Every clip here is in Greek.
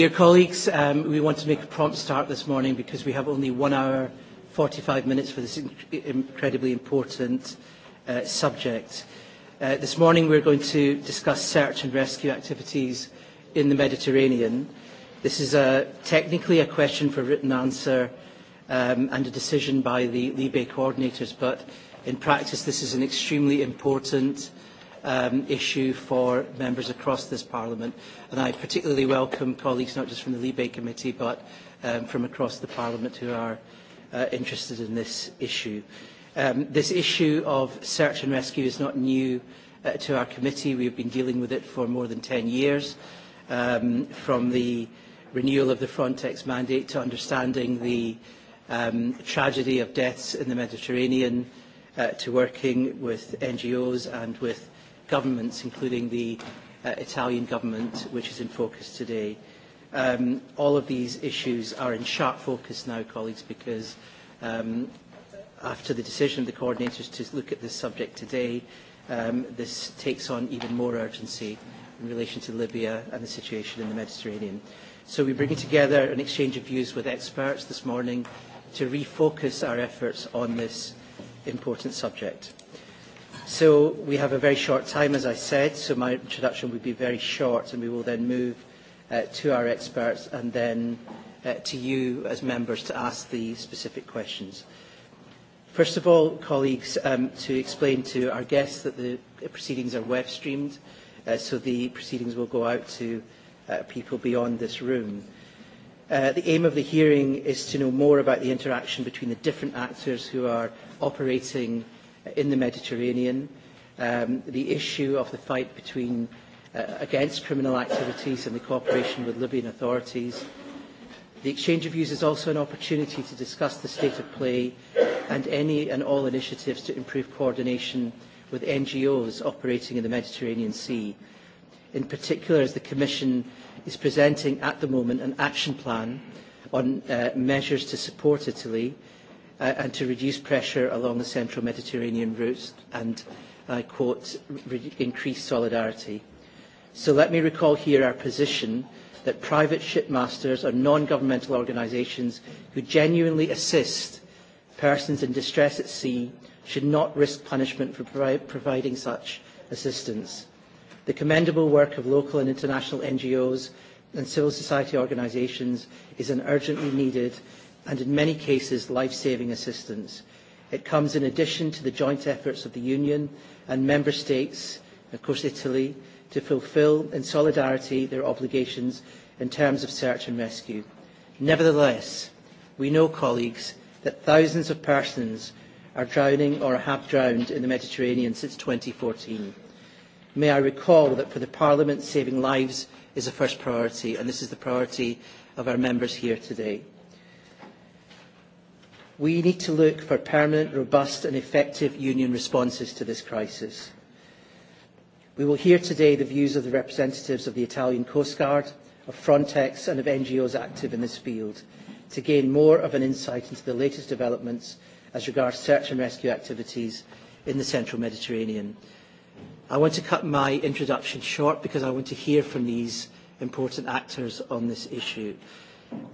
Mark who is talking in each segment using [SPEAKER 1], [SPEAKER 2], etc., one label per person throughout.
[SPEAKER 1] Dear colleagues, we want to make a prompt start this morning because we have only one hour, 45 minutes for this incredibly important subject. this morning we're going to discuss search and rescue activities in the Mediterranean. This is a, technically a question for written answer um, and a decision by the Libe coordinators, but in practice this is an extremely important issue for members across this Parliament. And I particularly welcome colleagues not just from the Libe Committee but from across the Parliament who are interested in this issue. This issue of search and rescue is not new to our committee. We have been dealing with it for more than 10 years, from the renewal of the Frontex mandate to understanding the tragedy of deaths in the Mediterranean, to working with NGOs and with governments, including the Italian government, which is in focus today. All of these issues are in sharp focus now, colleagues, because after the decision of the coordinators to look at this subject today, this takes on even more urgency in relation to Libya and the situation in the Mediterranean. So we're bringing together an exchange of views with experts this morning to refocus our efforts on this important subject. So we have a very short time, as I said, so my introduction will be very short, and we will then move to our experts and then to you as members to ask the specific questions. First of all, colleagues, to explain to our guests that the proceedings are web streamed, so the proceedings will go out to people beyond this room. The aim of the hearing is to know more about the interaction between the different actors who are operating in the Mediterranean, the issue of the fight between against criminal activities and the cooperation with Libyan authorities. The exchange of views is also an opportunity to discuss the state of play and any and all initiatives to improve coordination with NGOs operating in the Mediterranean Sea. In particular, as the Commission is presenting at the moment an action plan on measures to support Italy and to reduce pressure along the central Mediterranean routes and, I quote, increase solidarity. So let me recall here our position that private shipmasters are non-governmental organisations who genuinely assist persons in distress at sea should not risk punishment for providing such assistance. The commendable work of local and international NGOs and civil society organisations is an urgently needed and in many cases life-saving assistance. It comes in addition to the joint efforts of the Union and Member States, of course Italy, to fulfil in solidarity their obligations in terms of search and rescue. Nevertheless, we know, colleagues, that thousands of persons are drowning or have drowned in the Mediterranean since 2014. May I recall that for the Parliament, saving lives is a first priority, and this is the priority of our members here today we need to look for permanent, robust and effective union responses to this crisis. We will hear today the views of the representatives of the Italian Coast Guard, of Frontex and of NGOs active in this field to gain more of an insight into the latest developments as regards search and rescue activities in the central Mediterranean. I want to cut my introduction short because I want to hear from these important actors on this issue.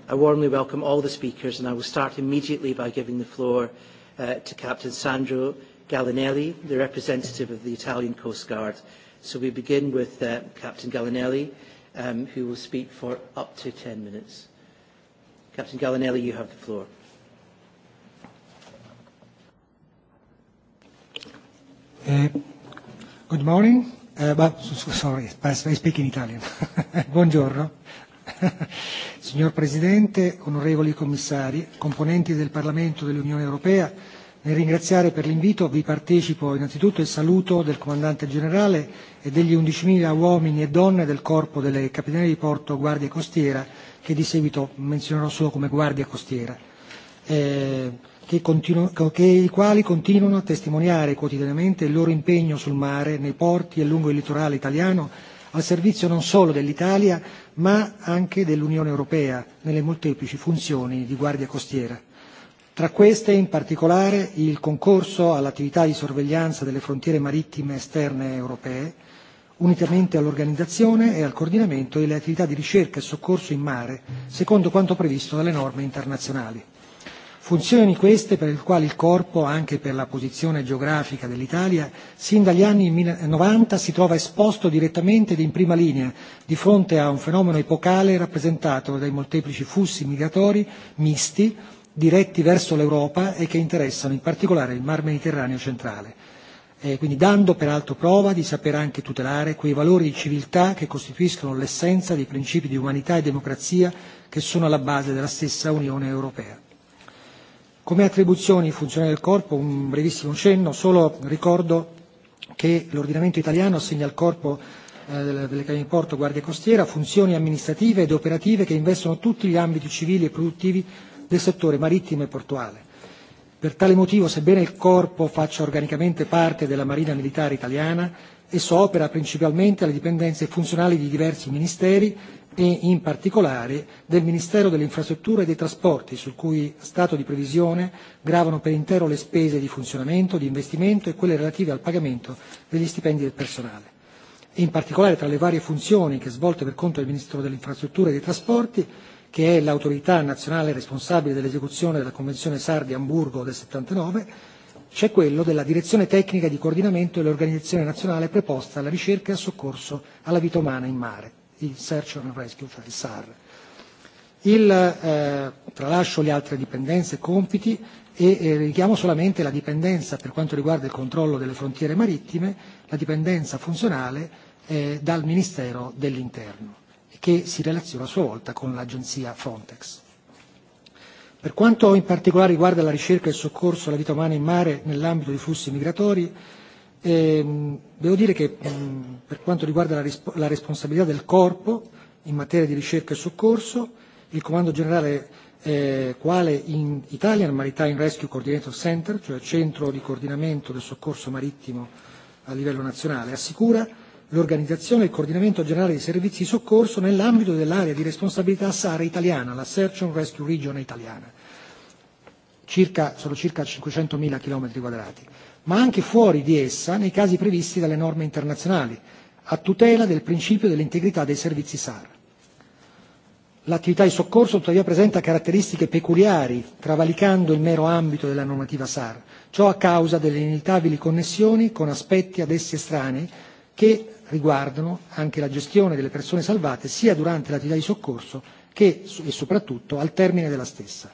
[SPEAKER 1] I warmly welcome all the speakers and I will start immediately by giving the floor to Captain Sandro Gallinelli, the representative of the Italian Coast Guard. So we begin with Captain Gallinelli, who will speak for up to 10 minutes. Captain Gallinelli, you have the floor.
[SPEAKER 2] Good morning. Sorry, I speak in Italian. Buongiorno. Signor Presidente, onorevoli commissari, componenti del Parlamento dell'Unione Europea, nel ringraziare per l'invito vi partecipo innanzitutto il saluto del Comandante Generale e degli 11.000 uomini e donne del Corpo delle Capitanerie di Porto Guardia Costiera, che di seguito menzionerò solo come Guardia Costiera, i quali continuano a testimoniare quotidianamente il loro impegno sul mare, nei porti e lungo il litorale italiano al servizio non solo dell'Italia ma anche dell'Unione Europea nelle molteplici funzioni di guardia costiera. Tra queste, in particolare, il concorso all'attività di sorveglianza delle frontiere marittime esterne europee, unitamente all'organizzazione e al coordinamento delle attività di ricerca e soccorso in mare, secondo quanto previsto dalle norme internazionali. Funzioni queste per le quali il corpo, anche per la posizione geografica dell'Italia, sin dagli anni 90 si trova esposto direttamente ed in prima linea di fronte a un fenomeno epocale rappresentato dai molteplici flussi migratori misti diretti verso l'Europa e che interessano in particolare il Mar Mediterraneo centrale, quindi dando peraltro prova di saper anche tutelare quei valori di civiltà che costituiscono l'essenza dei principi di umanità e democrazia che sono alla base della stessa Unione europea. Come attribuzioni funzionali del corpo, un brevissimo cenno, solo ricordo che l'ordinamento italiano assegna al corpo delle Camere di Porto Guardia Costiera funzioni amministrative ed operative che investono tutti gli ambiti civili e produttivi del settore marittimo e portuale. Per tale motivo, sebbene il corpo faccia organicamente parte della Marina militare italiana, Esso opera principalmente alle dipendenze funzionali di diversi ministeri e in particolare del Ministero delle Infrastrutture e dei Trasporti, sul cui stato di previsione gravano per intero le spese di funzionamento, di investimento e quelle relative al pagamento degli stipendi del personale. In particolare, tra le varie funzioni che svolte per conto del Ministero delle Infrastrutture e dei Trasporti, che è l'autorità nazionale responsabile dell'esecuzione della Convenzione SAR di Amburgo del 79, c'è quello della direzione tecnica di coordinamento dell'organizzazione nazionale preposta alla ricerca e al soccorso alla vita umana in mare, il Search and Rescue, cioè il SAR. Il, tralascio le altre dipendenze e compiti e richiamo solamente la dipendenza per quanto riguarda il controllo delle frontiere marittime, la dipendenza funzionale dal Ministero dell'Interno, che si relaziona a sua volta con l'agenzia Frontex. Per quanto in particolare riguarda la ricerca e il soccorso alla vita umana in mare nell'ambito dei flussi migratori, devo dire che per quanto riguarda la responsabilità del corpo in materia di ricerca e soccorso, il Comando Generale quale in Italia il Maritime Rescue Coordinator Center, cioè centro di coordinamento del soccorso marittimo a livello nazionale, assicura l'organizzazione e il coordinamento generale dei servizi di soccorso nell'ambito dell'area di responsabilità SAR italiana, la Search and Rescue Region italiana, circa, sono circa 500.000 km quadrati, ma anche fuori di essa nei casi previsti dalle norme internazionali, a tutela del principio dell'integrità dei servizi SAR. L'attività di soccorso tuttavia presenta caratteristiche peculiari, travalicando il mero ambito della normativa SAR, ciò a causa delle inevitabili connessioni con aspetti ad essi estranei che riguardano anche la gestione delle persone salvate sia durante l'attività di soccorso che e soprattutto al termine della stessa.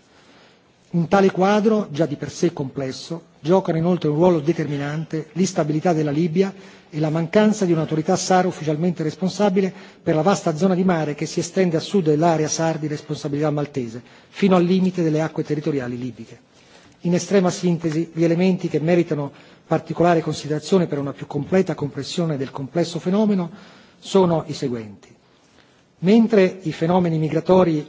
[SPEAKER 2] In tale quadro, già di per sé complesso, giocano inoltre un ruolo determinante l'instabilità della Libia e la mancanza di un'autorità SAR ufficialmente responsabile per la vasta zona di mare che si estende a sud dell'area SAR di responsabilità maltese, fino al limite delle acque territoriali libiche. In estrema sintesi, gli elementi che meritano particolare considerazione per una più completa comprensione del complesso fenomeno sono i seguenti. Mentre i fenomeni migratori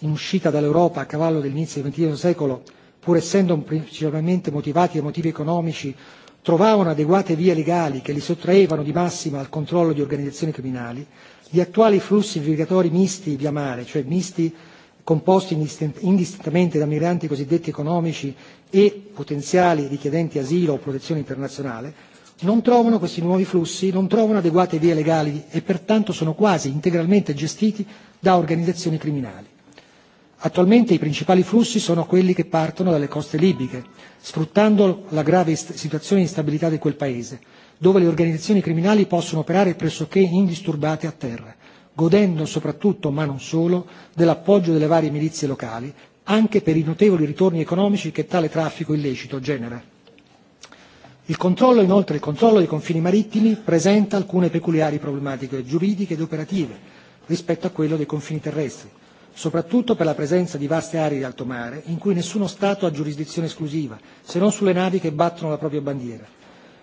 [SPEAKER 2] in uscita dall'Europa a cavallo dell'inizio del XX secolo, pur essendo principalmente motivati da motivi economici, trovavano adeguate vie legali che li sottraevano di massima al controllo di organizzazioni criminali, gli attuali flussi migratori misti via mare, cioè misti composti indistintamente da migranti cosiddetti economici e potenziali richiedenti asilo o protezione internazionale non trovano questi nuovi flussi, non trovano adeguate vie legali e pertanto sono quasi integralmente gestiti da organizzazioni criminali. Attualmente i principali flussi sono quelli che partono dalle coste libiche, sfruttando la grave situazione di instabilità di quel paese, dove le organizzazioni criminali possono operare pressoché indisturbate a terra, godendo soprattutto, ma non solo, dell'appoggio delle varie milizie locali anche per i notevoli ritorni economici che tale traffico illecito genera. Il controllo, inoltre, il controllo dei confini marittimi presenta alcune peculiari problematiche giuridiche ed operative rispetto a quello dei confini terrestri, soprattutto per la presenza di vaste aree di alto mare in cui nessuno Stato ha giurisdizione esclusiva, se non sulle navi che battono la propria bandiera.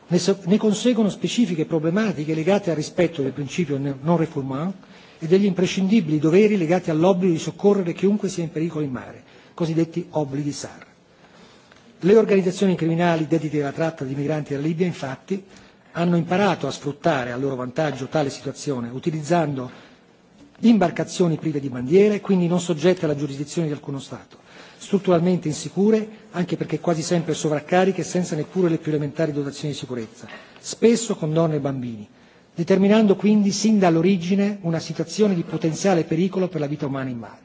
[SPEAKER 2] Ne conseguono specifiche problematiche legate al rispetto del principio non refoulement e degli imprescindibili doveri legati all'obbligo di soccorrere chiunque sia in pericolo in mare, cosiddetti obblighi SAR. Le organizzazioni criminali dedite alla tratta di migranti dalla Libia, infatti, hanno imparato a sfruttare a loro vantaggio tale situazione, utilizzando imbarcazioni prive di bandiere, quindi non soggette alla giurisdizione di alcuno Stato, strutturalmente insicure, anche perché quasi sempre sovraccariche senza neppure le più elementari dotazioni di sicurezza, spesso con donne e bambini, determinando quindi sin dall'origine una situazione di potenziale pericolo per la vita umana in mare.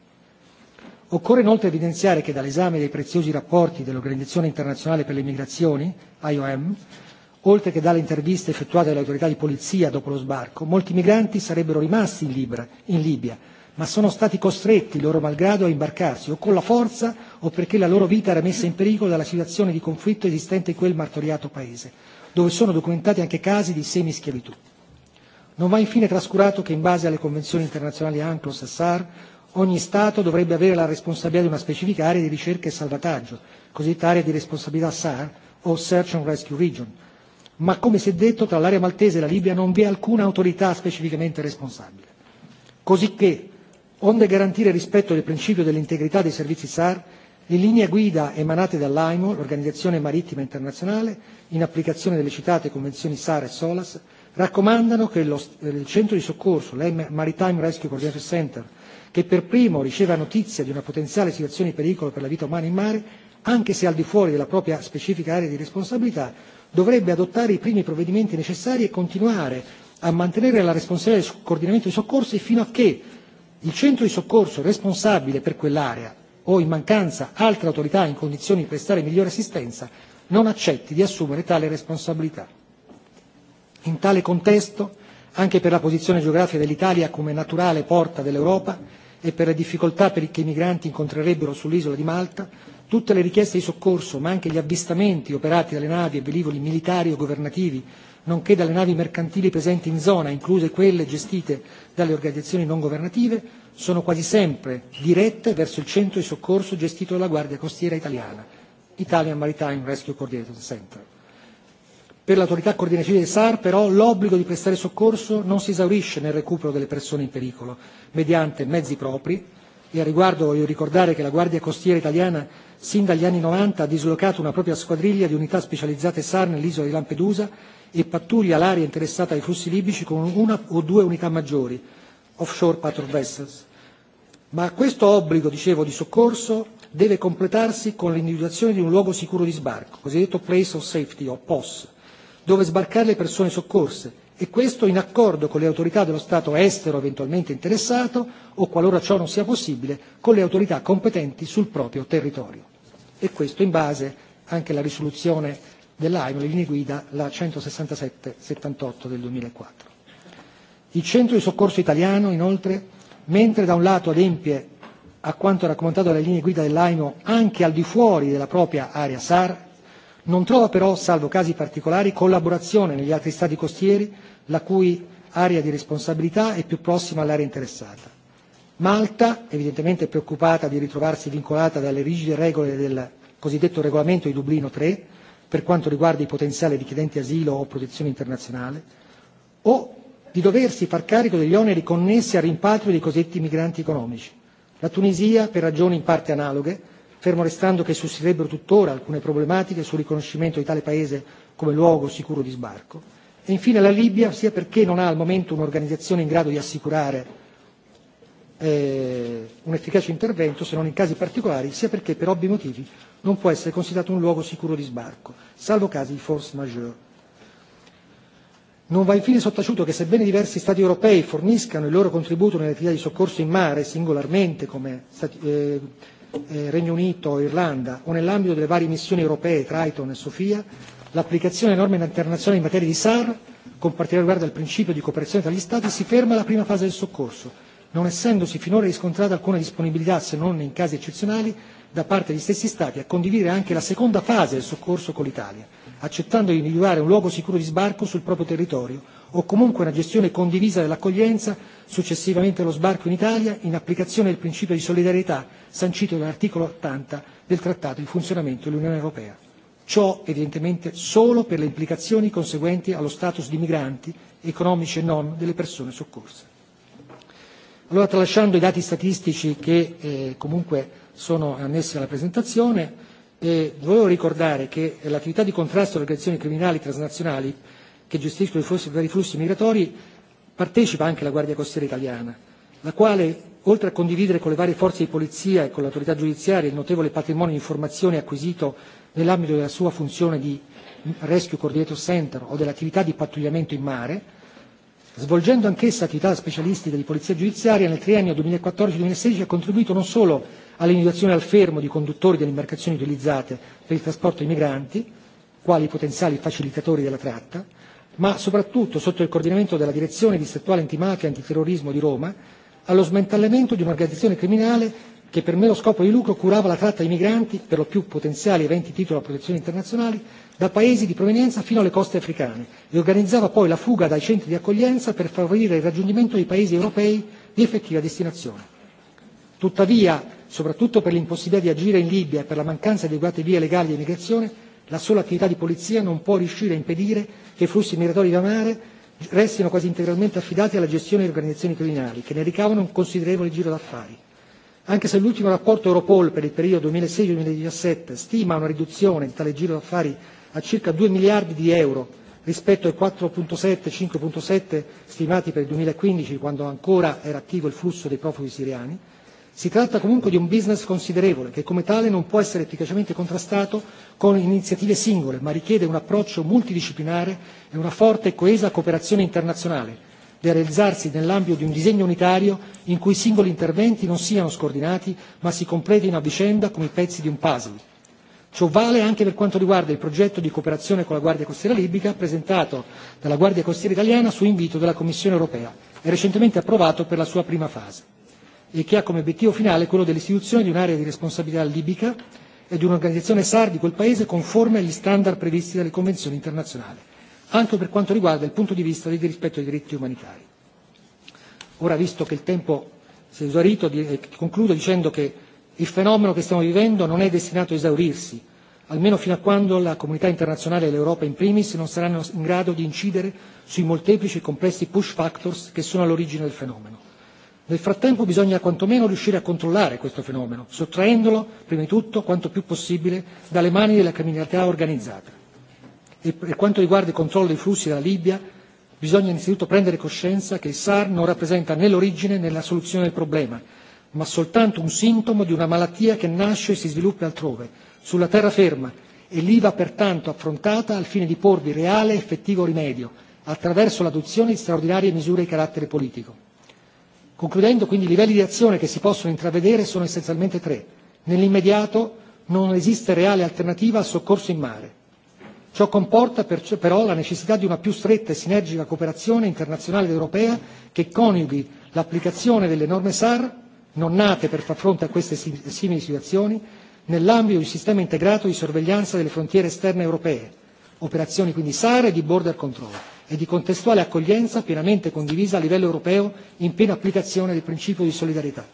[SPEAKER 2] Occorre inoltre evidenziare che dall'esame dei preziosi rapporti dell'Organizzazione internazionale per le migrazioni, IOM, oltre che dalle interviste effettuate dalle autorità di polizia dopo lo sbarco, molti migranti sarebbero rimasti in Libia, ma sono stati costretti, loro malgrado, a imbarcarsi o con la forza o perché la loro vita era messa in pericolo dalla situazione di conflitto esistente in quel martoriato paese, dove sono documentati anche casi di semischiavitù. Non va infine trascurato che, in base alle convenzioni internazionali ANCLOS e SAR, Ogni Stato dovrebbe avere la responsabilità di una specifica area di ricerca e salvataggio, cosiddetta area di responsabilità SAR o Search and Rescue Region, ma come si è detto tra l'area maltese e la Libia non vi è alcuna autorità specificamente responsabile. Cosicché, onde garantire il rispetto del principio dell'integrità dei servizi SAR, le linee guida emanate dall'AIMO, l'Organizzazione Marittima Internazionale, in applicazione delle citate convenzioni SAR e SOLAS, raccomandano che il centro di soccorso, Maritime Rescue Coordination Center, che per primo riceva notizia di una potenziale situazione di pericolo per la vita umana in mare, anche se al di fuori della propria specifica area di responsabilità, dovrebbe adottare i primi provvedimenti necessari e continuare a mantenere la responsabilità del coordinamento dei soccorsi fino a che il centro di soccorso responsabile per quell'area o, in mancanza, altre autorità in condizioni di prestare migliore assistenza non accetti di assumere tale responsabilità. In tale contesto anche per la posizione geografica dell'Italia come naturale porta dell'Europa e per le difficoltà che i migranti incontrerebbero sull'isola di Malta, tutte le richieste di soccorso, ma anche gli avvistamenti operati dalle navi e velivoli militari o governativi, nonché dalle navi mercantili presenti in zona, incluse quelle gestite dalle organizzazioni non governative, sono quasi sempre dirette verso il centro di soccorso gestito dalla Guardia Costiera italiana, Italian Maritime Rescue Coordination Center. Per l'autorità coordinatrice dei SAR, però, l'obbligo di prestare soccorso non si esaurisce nel recupero delle persone in pericolo, mediante mezzi propri, e a riguardo voglio ricordare che la Guardia Costiera italiana, sin dagli anni 90, ha dislocato una propria squadriglia di unità specializzate SAR nell'isola di Lampedusa e pattuglia l'area interessata ai flussi libici con una o due unità maggiori, offshore patrol vessels. Ma questo obbligo, dicevo, di soccorso deve completarsi con l'individuazione di un luogo sicuro di sbarco, cosiddetto place of safety o POS, dove sbarcare le persone soccorse e questo in accordo con le autorità dello Stato estero eventualmente interessato o, qualora ciò non sia possibile, con le autorità competenti sul proprio territorio. E questo in base anche alla risoluzione dell'AIMO, le linee guida, la 167-78 del 2004. Il centro di soccorso italiano, inoltre, mentre da un lato adempie a quanto raccomandato dalle linee guida dell'AIMO anche al di fuori della propria area SAR, Non trova però, salvo casi particolari, collaborazione negli altri Stati costieri, la cui area di responsabilità è più prossima all'area interessata. Malta, evidentemente preoccupata di ritrovarsi vincolata dalle rigide regole del cosiddetto regolamento di Dublino 3, per quanto riguarda i potenziali richiedenti asilo o protezione internazionale, o di doversi far carico degli oneri connessi al rimpatrio dei cosiddetti migranti economici. La Tunisia, per ragioni in parte analoghe, fermo restando che sussisterebbero tuttora alcune problematiche sul riconoscimento di tale Paese come luogo sicuro di sbarco, e infine la Libia sia perché non ha al momento un'organizzazione in grado di assicurare un efficace intervento se non in casi particolari, sia perché per ovvi motivi non può essere considerato un luogo sicuro di sbarco, salvo casi di force majeure. Non va infine sottaciuto che sebbene diversi Stati europei forniscano il loro contributo nelle attività di soccorso in mare singolarmente come Regno Unito Irlanda o nell'ambito delle varie missioni europee Triton e Sofia, l'applicazione delle norme internazionali in materia di SAR, con particolare riguardo al principio di cooperazione tra gli Stati, si ferma alla prima fase del soccorso, non essendosi finora riscontrata alcuna disponibilità, se non in casi eccezionali, da parte degli stessi Stati a condividere anche la seconda fase del soccorso con l'Italia, accettando di individuare un luogo sicuro di sbarco sul proprio territorio o comunque una gestione condivisa dell'accoglienza successivamente allo sbarco in Italia, in applicazione del principio di solidarietà sancito dall'articolo 80 del Trattato di funzionamento dell'Unione Europea. Ciò evidentemente solo per le implicazioni conseguenti allo status di migranti, economici e non, delle persone soccorse. Allora, tralasciando i dati statistici che comunque sono annessi alla presentazione, volevo ricordare che l'attività di contrasto alle organizzazioni criminali transnazionali che gestiscono i flussi migratori partecipa anche la Guardia Costiera italiana, la quale, oltre a condividere con le varie forze di polizia e con l'autorità giudiziaria il notevole patrimonio di informazioni acquisito nell'ambito della sua funzione di Rescue Coordinator Center o dell'attività di pattugliamento in mare, svolgendo anch'essa attività specialistica di polizia giudiziaria, nel triennio 2014-2016 ha contribuito non solo all'individuazione al fermo di conduttori delle imbarcazioni utilizzate per il trasporto di migranti, quali potenziali facilitatori della tratta, ma soprattutto sotto il coordinamento della direzione distrettuale antimafia e antiterrorismo di Roma, allo smantellamento di un'organizzazione criminale che per mero scopo di lucro curava la tratta di migranti, per lo più potenziali eventi titolo a protezione internazionale, da paesi di provenienza fino alle coste africane e organizzava poi la fuga dai centri di accoglienza per favorire il raggiungimento dei paesi europei di effettiva destinazione. Tuttavia, soprattutto per l'impossibilità di agire in Libia e per la mancanza di adeguate vie legali di emigrazione La sola attività di polizia non può riuscire a impedire che i flussi migratori da mare restino quasi integralmente affidati alla gestione di organizzazioni criminali, che ne ricavano un considerevole giro d'affari. Anche se l'ultimo rapporto Europol per il periodo 2016-2017 stima una riduzione di tale giro d'affari a circa 2 miliardi di euro rispetto ai 4.7-5.7 stimati per il 2015, quando ancora era attivo il flusso dei profughi siriani, Si tratta comunque di un business considerevole che come tale non può essere efficacemente contrastato con iniziative singole, ma richiede un approccio multidisciplinare e una forte e coesa cooperazione internazionale, da realizzarsi nell'ambito di un disegno unitario in cui i singoli interventi non siano scordinati, ma si completino a vicenda come i pezzi di un puzzle. Ciò vale anche per quanto riguarda il progetto di cooperazione con la Guardia Costiera libica presentato dalla Guardia Costiera italiana su invito della Commissione europea e recentemente approvato per la sua prima fase e che ha come obiettivo finale quello dell'istituzione di un'area di responsabilità libica e di un'organizzazione SAR di quel Paese conforme agli standard previsti dalle convenzioni internazionali, anche per quanto riguarda il punto di vista del rispetto dei diritti umanitari. Ora, visto che il tempo si è esaurito, concludo dicendo che il fenomeno che stiamo vivendo non è destinato a esaurirsi, almeno fino a quando la comunità internazionale e l'Europa in primis non saranno in grado di incidere sui molteplici e complessi push factors che sono all'origine del fenomeno. Nel frattempo bisogna quantomeno riuscire a controllare questo fenomeno, sottraendolo, prima di tutto, quanto più possibile, dalle mani della criminalità organizzata. E per quanto riguarda il controllo dei flussi dalla Libia, bisogna innanzitutto prendere coscienza che il SAR non rappresenta né l'origine né la soluzione del problema, ma soltanto un sintomo di una malattia che nasce e si sviluppa altrove, sulla terraferma, e lì va pertanto affrontata al fine di porvi reale e effettivo rimedio, attraverso l'adozione di straordinarie misure di carattere politico. Concludendo, quindi, i livelli di azione che si possono intravedere sono essenzialmente tre. Nell'immediato non esiste reale alternativa al soccorso in mare. Ciò comporta però la necessità di una più stretta e sinergica cooperazione internazionale ed europea che coniughi l'applicazione delle norme SAR, non nate per far fronte a queste simili situazioni, nell'ambito di un sistema integrato di sorveglianza delle frontiere esterne europee, operazioni quindi SAR e di border control e di contestuale accoglienza pienamente condivisa a livello europeo in piena applicazione del principio di solidarietà.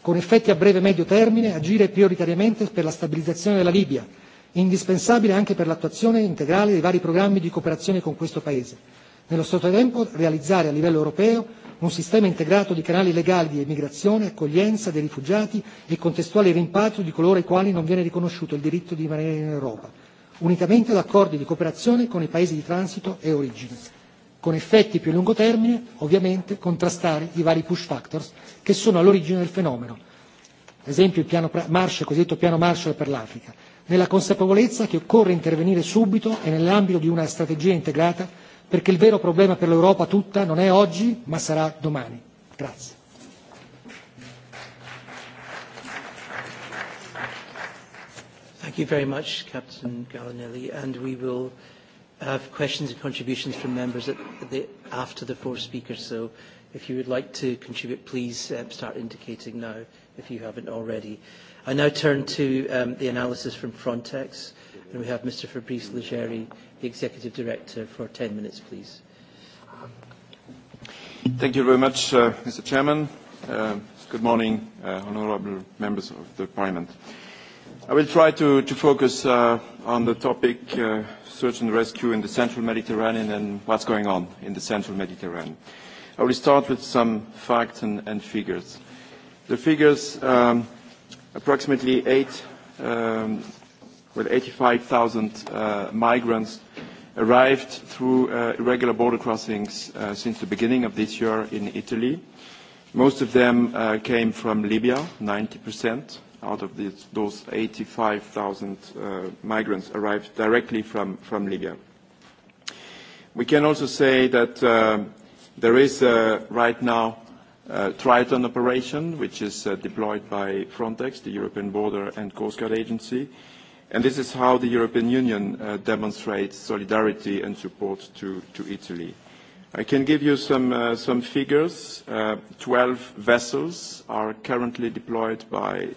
[SPEAKER 2] Con effetti a breve e medio termine agire prioritariamente per la stabilizzazione della Libia, indispensabile anche per l'attuazione integrale dei vari programmi di cooperazione con questo Paese. Nello stesso tempo realizzare a livello europeo un sistema integrato di canali legali di emigrazione, accoglienza dei rifugiati e contestuale rimpatrio di coloro ai quali non viene riconosciuto il diritto di rimanere in Europa unitamente ad accordi di cooperazione con i paesi di transito e origine, con effetti più a lungo termine, ovviamente contrastare i vari push factors che sono all'origine del fenomeno, ad esempio il piano Marshall, cosiddetto piano Marshall per l'Africa, nella consapevolezza che occorre intervenire subito e nell'ambito di una strategia integrata perché il vero problema per l'Europa tutta non è oggi ma sarà domani. Thank you very much,
[SPEAKER 1] Captain Gallinelli. And we will have questions and contributions from members after the four speakers. So if you would like to contribute, please start indicating now if you haven't already. I now turn to the analysis from Frontex. And we have Mr. Fabrice Legeri, the Executive Director, for 10 minutes, please.
[SPEAKER 3] Thank you very much, Mr. Chairman. good morning, honorable members of the Parliament. I will try to, focus on the topic search and rescue in the central Mediterranean and what's going on in the central Mediterranean. I will start with some facts and, figures. The figures, approximately eight, well, 85,000 migrants arrived through irregular border crossings since the beginning of this year in Italy. Most of them came from Libya, 90 percent out of those 85,000 migrants arrived directly from Libya. We can also say that there is right now a Triton operation, which is deployed by Frontex, the European Border and Coast Guard Agency, and this is how the European Union demonstrates solidarity and support to Italy. I can give you some some figures. 12 vessels are currently deployed by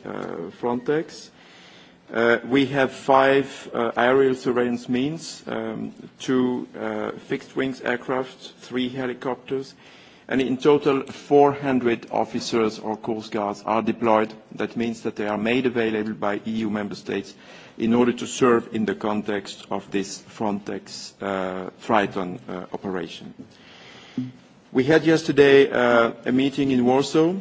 [SPEAKER 3] Frontex. We have five aerial surveillance means, two fixed-wings aircraft, three helicopters, and in total 400 officers or coast guards are deployed. That means that they are made available by EU member states in order to serve in the context of this Frontex Triton operation. We had yesterday a meeting in Warsaw.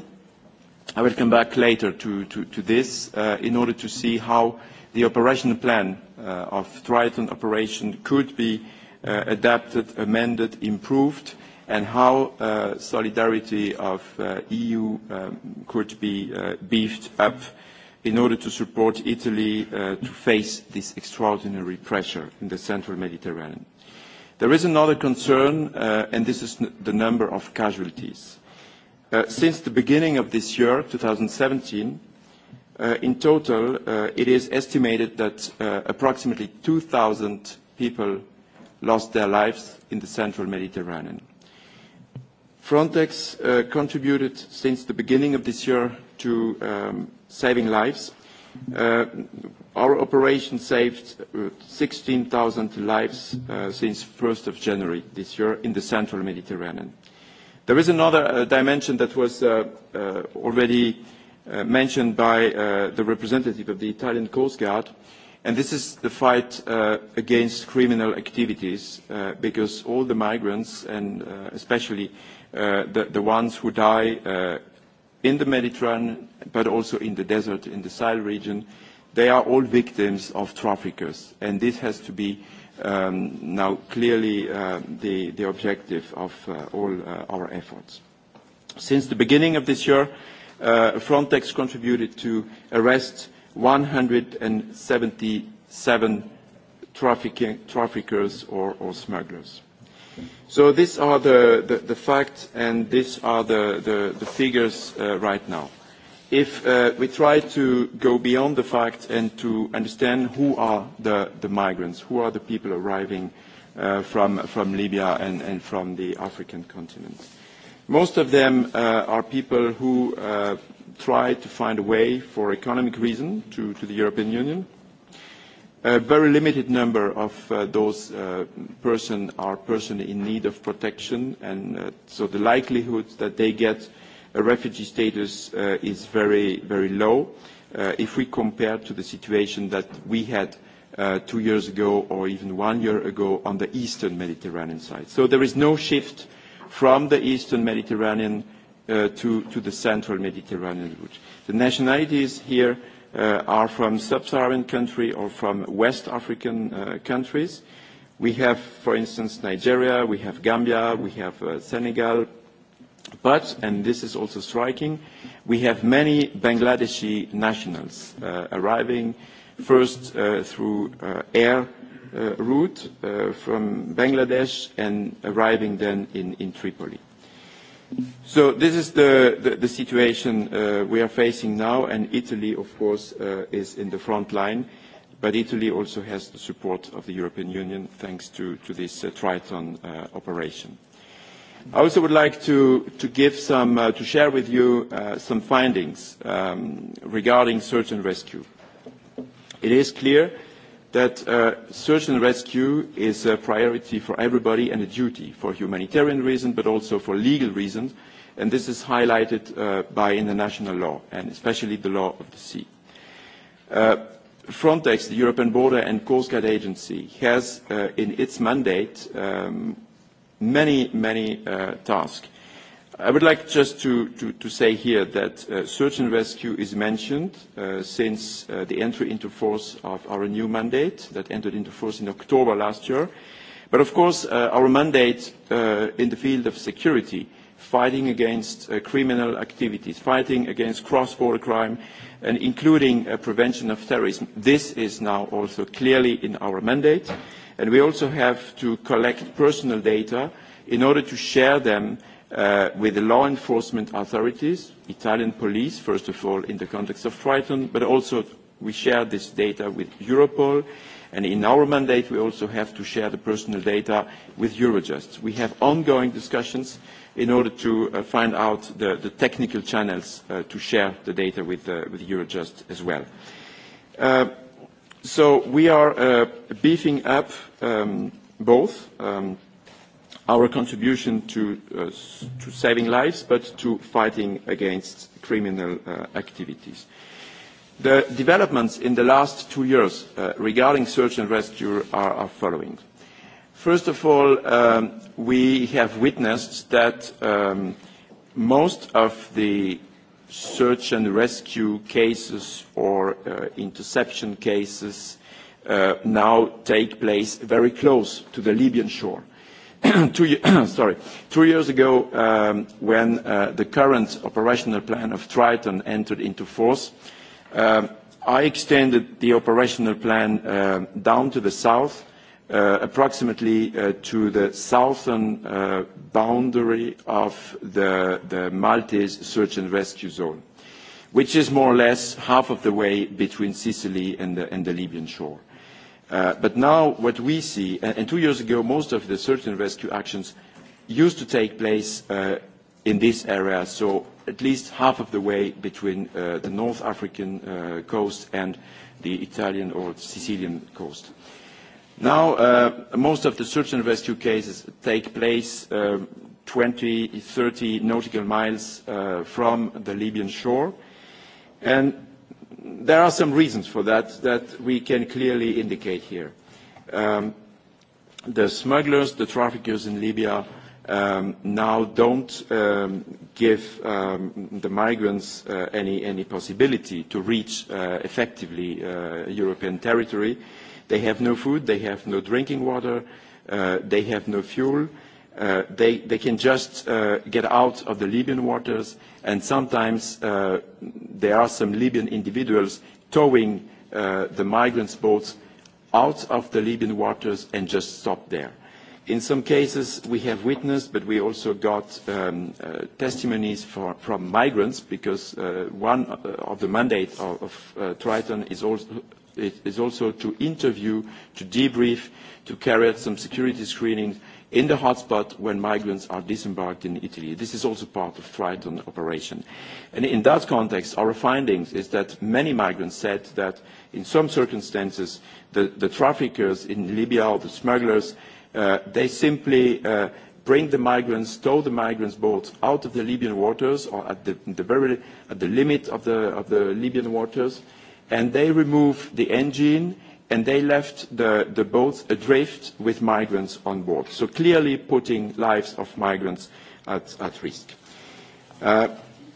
[SPEAKER 3] I will come back later to this in order to see how the operational plan of Triton operation could be adapted, amended, improved, and how solidarity of EU could be beefed up in order to support Italy to face this extraordinary pressure in the central Mediterranean. There is another concern, and this is the number of casualties. Since the beginning of this year, 2017, in total, it is estimated that approximately 2,000 people lost their lives in the central Mediterranean. Frontex contributed since the beginning of this year to saving lives. Our operation saved 16,000 lives since 1st of January this year in the central Mediterranean. There is another dimension that was already mentioned by the representative of the Italian Coast Guard, and this is the fight against criminal activities, because all the migrants, and especially the ones who die in the Mediterranean, but also in the desert, in the Sahel region, they are all victims of traffickers. And this has to be now clearly the objective of all our efforts. Since the beginning of this year, Frontex contributed to arrest 177 traffickers or smugglers. So these are the facts and these are the figures right now. If we try to go beyond the facts and to understand who are the migrants, who are the people arriving from Libya and from the African continent. Most of them are people who try to find a way for economic reason to the European Union A very limited number of those persons are persons in need of protection, and so the likelihood that they get a refugee status is very, very low if we compare to the situation that we had two years ago or even one year ago on the eastern Mediterranean side. So there is no shift from the eastern Mediterranean to the central Mediterranean route. The nationalities here are from sub-Saharan countries or from West African countries. We have, for instance, Nigeria, we have Gambia, we have Senegal, but, and this is also striking, we have many Bangladeshi nationals arriving first through air route from Bangladesh and arriving then in Tripoli. So this is the the situation we are facing now, and Italy, of course, is in the front line. But Italy also has the support of the European Union thanks to this Triton operation. I also would like to give some, to share with you some findings regarding search and rescue. It is clear that search and rescue is a priority for everybody and a duty for humanitarian reasons, but also for legal reasons, and this is highlighted by international law, and especially the law of the sea. Frontex, the European Border and Coast Guard Agency, has in its mandate many, many tasks I would like just to, say here that search and rescue is mentioned since the entry into force of our new mandate that entered into force in October last year. But of course, our mandate in the field of security, fighting against criminal activities, fighting against cross-border crime, and including prevention of terrorism, this is now also clearly in our mandate. And we also have to collect personal data in order to share them with the law enforcement authorities, Italian police, first of all, in the context of Triton, but also we share this data with Europol, and in our mandate we also have to share the personal data with Eurojust. We have ongoing discussions in order to find out the technical channels to share the data with Eurojust as well. So we are beefing up both our contribution to saving lives, but to fighting against criminal activities. The developments in the last two years regarding search and rescue are following. First of all, we have witnessed that most of the search and rescue cases or interception cases now take place very close to the Libyan shore Two years ago, when the current operational plan of Triton entered into force, I extended the operational plan down to the south, approximately to the southern boundary of the Maltese search and rescue zone, which is more or less half of the way between Sicily and the Libyan shore. But now what we see, and two years ago most of the search and rescue actions used to take place in this area, so at least half of the way between the North African coast and the Italian or Sicilian coast. Now most of the search and rescue cases take place 20, 30 nautical miles from the Libyan shore, and There are some reasons for that that we can clearly indicate here. The smugglers, the traffickers in Libya now don't give the migrants any possibility to reach effectively European territory. They have no food, they have no drinking water, they have no fuel they can just get out of the Libyan waters and sometimes there are some Libyan individuals towing the migrants' boats out of the Libyan waters and just stop there. In some cases we have witnessed, but we also got testimonies from migrants because one of the mandates of Triton is also is also to interview, to debrief, to carry out some security screenings in the hotspot when migrants are disembarked in Italy. This is also part of Triton operation. And in that context, our findings is that many migrants said that in some circumstances, the traffickers in Libya or the smugglers, they simply bring the migrants, tow the migrants' boats out of the Libyan waters or at the very at the limit of the Libyan waters, and they remove the engine and they left the, boats adrift with migrants on board, so clearly putting lives of migrants at, risk.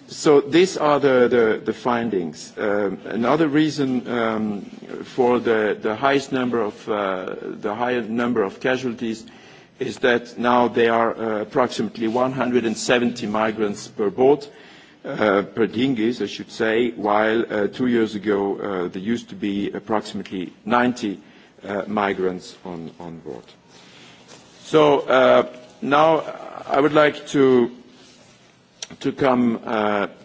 [SPEAKER 3] so these are the, the, findings. another reason for the, the highest number of the higher number of casualties is that now there are approximately 170 migrants per boat, per dinghies, I should say, while two years ago there used to be approximately 90 migrants on board. So now I would like to to come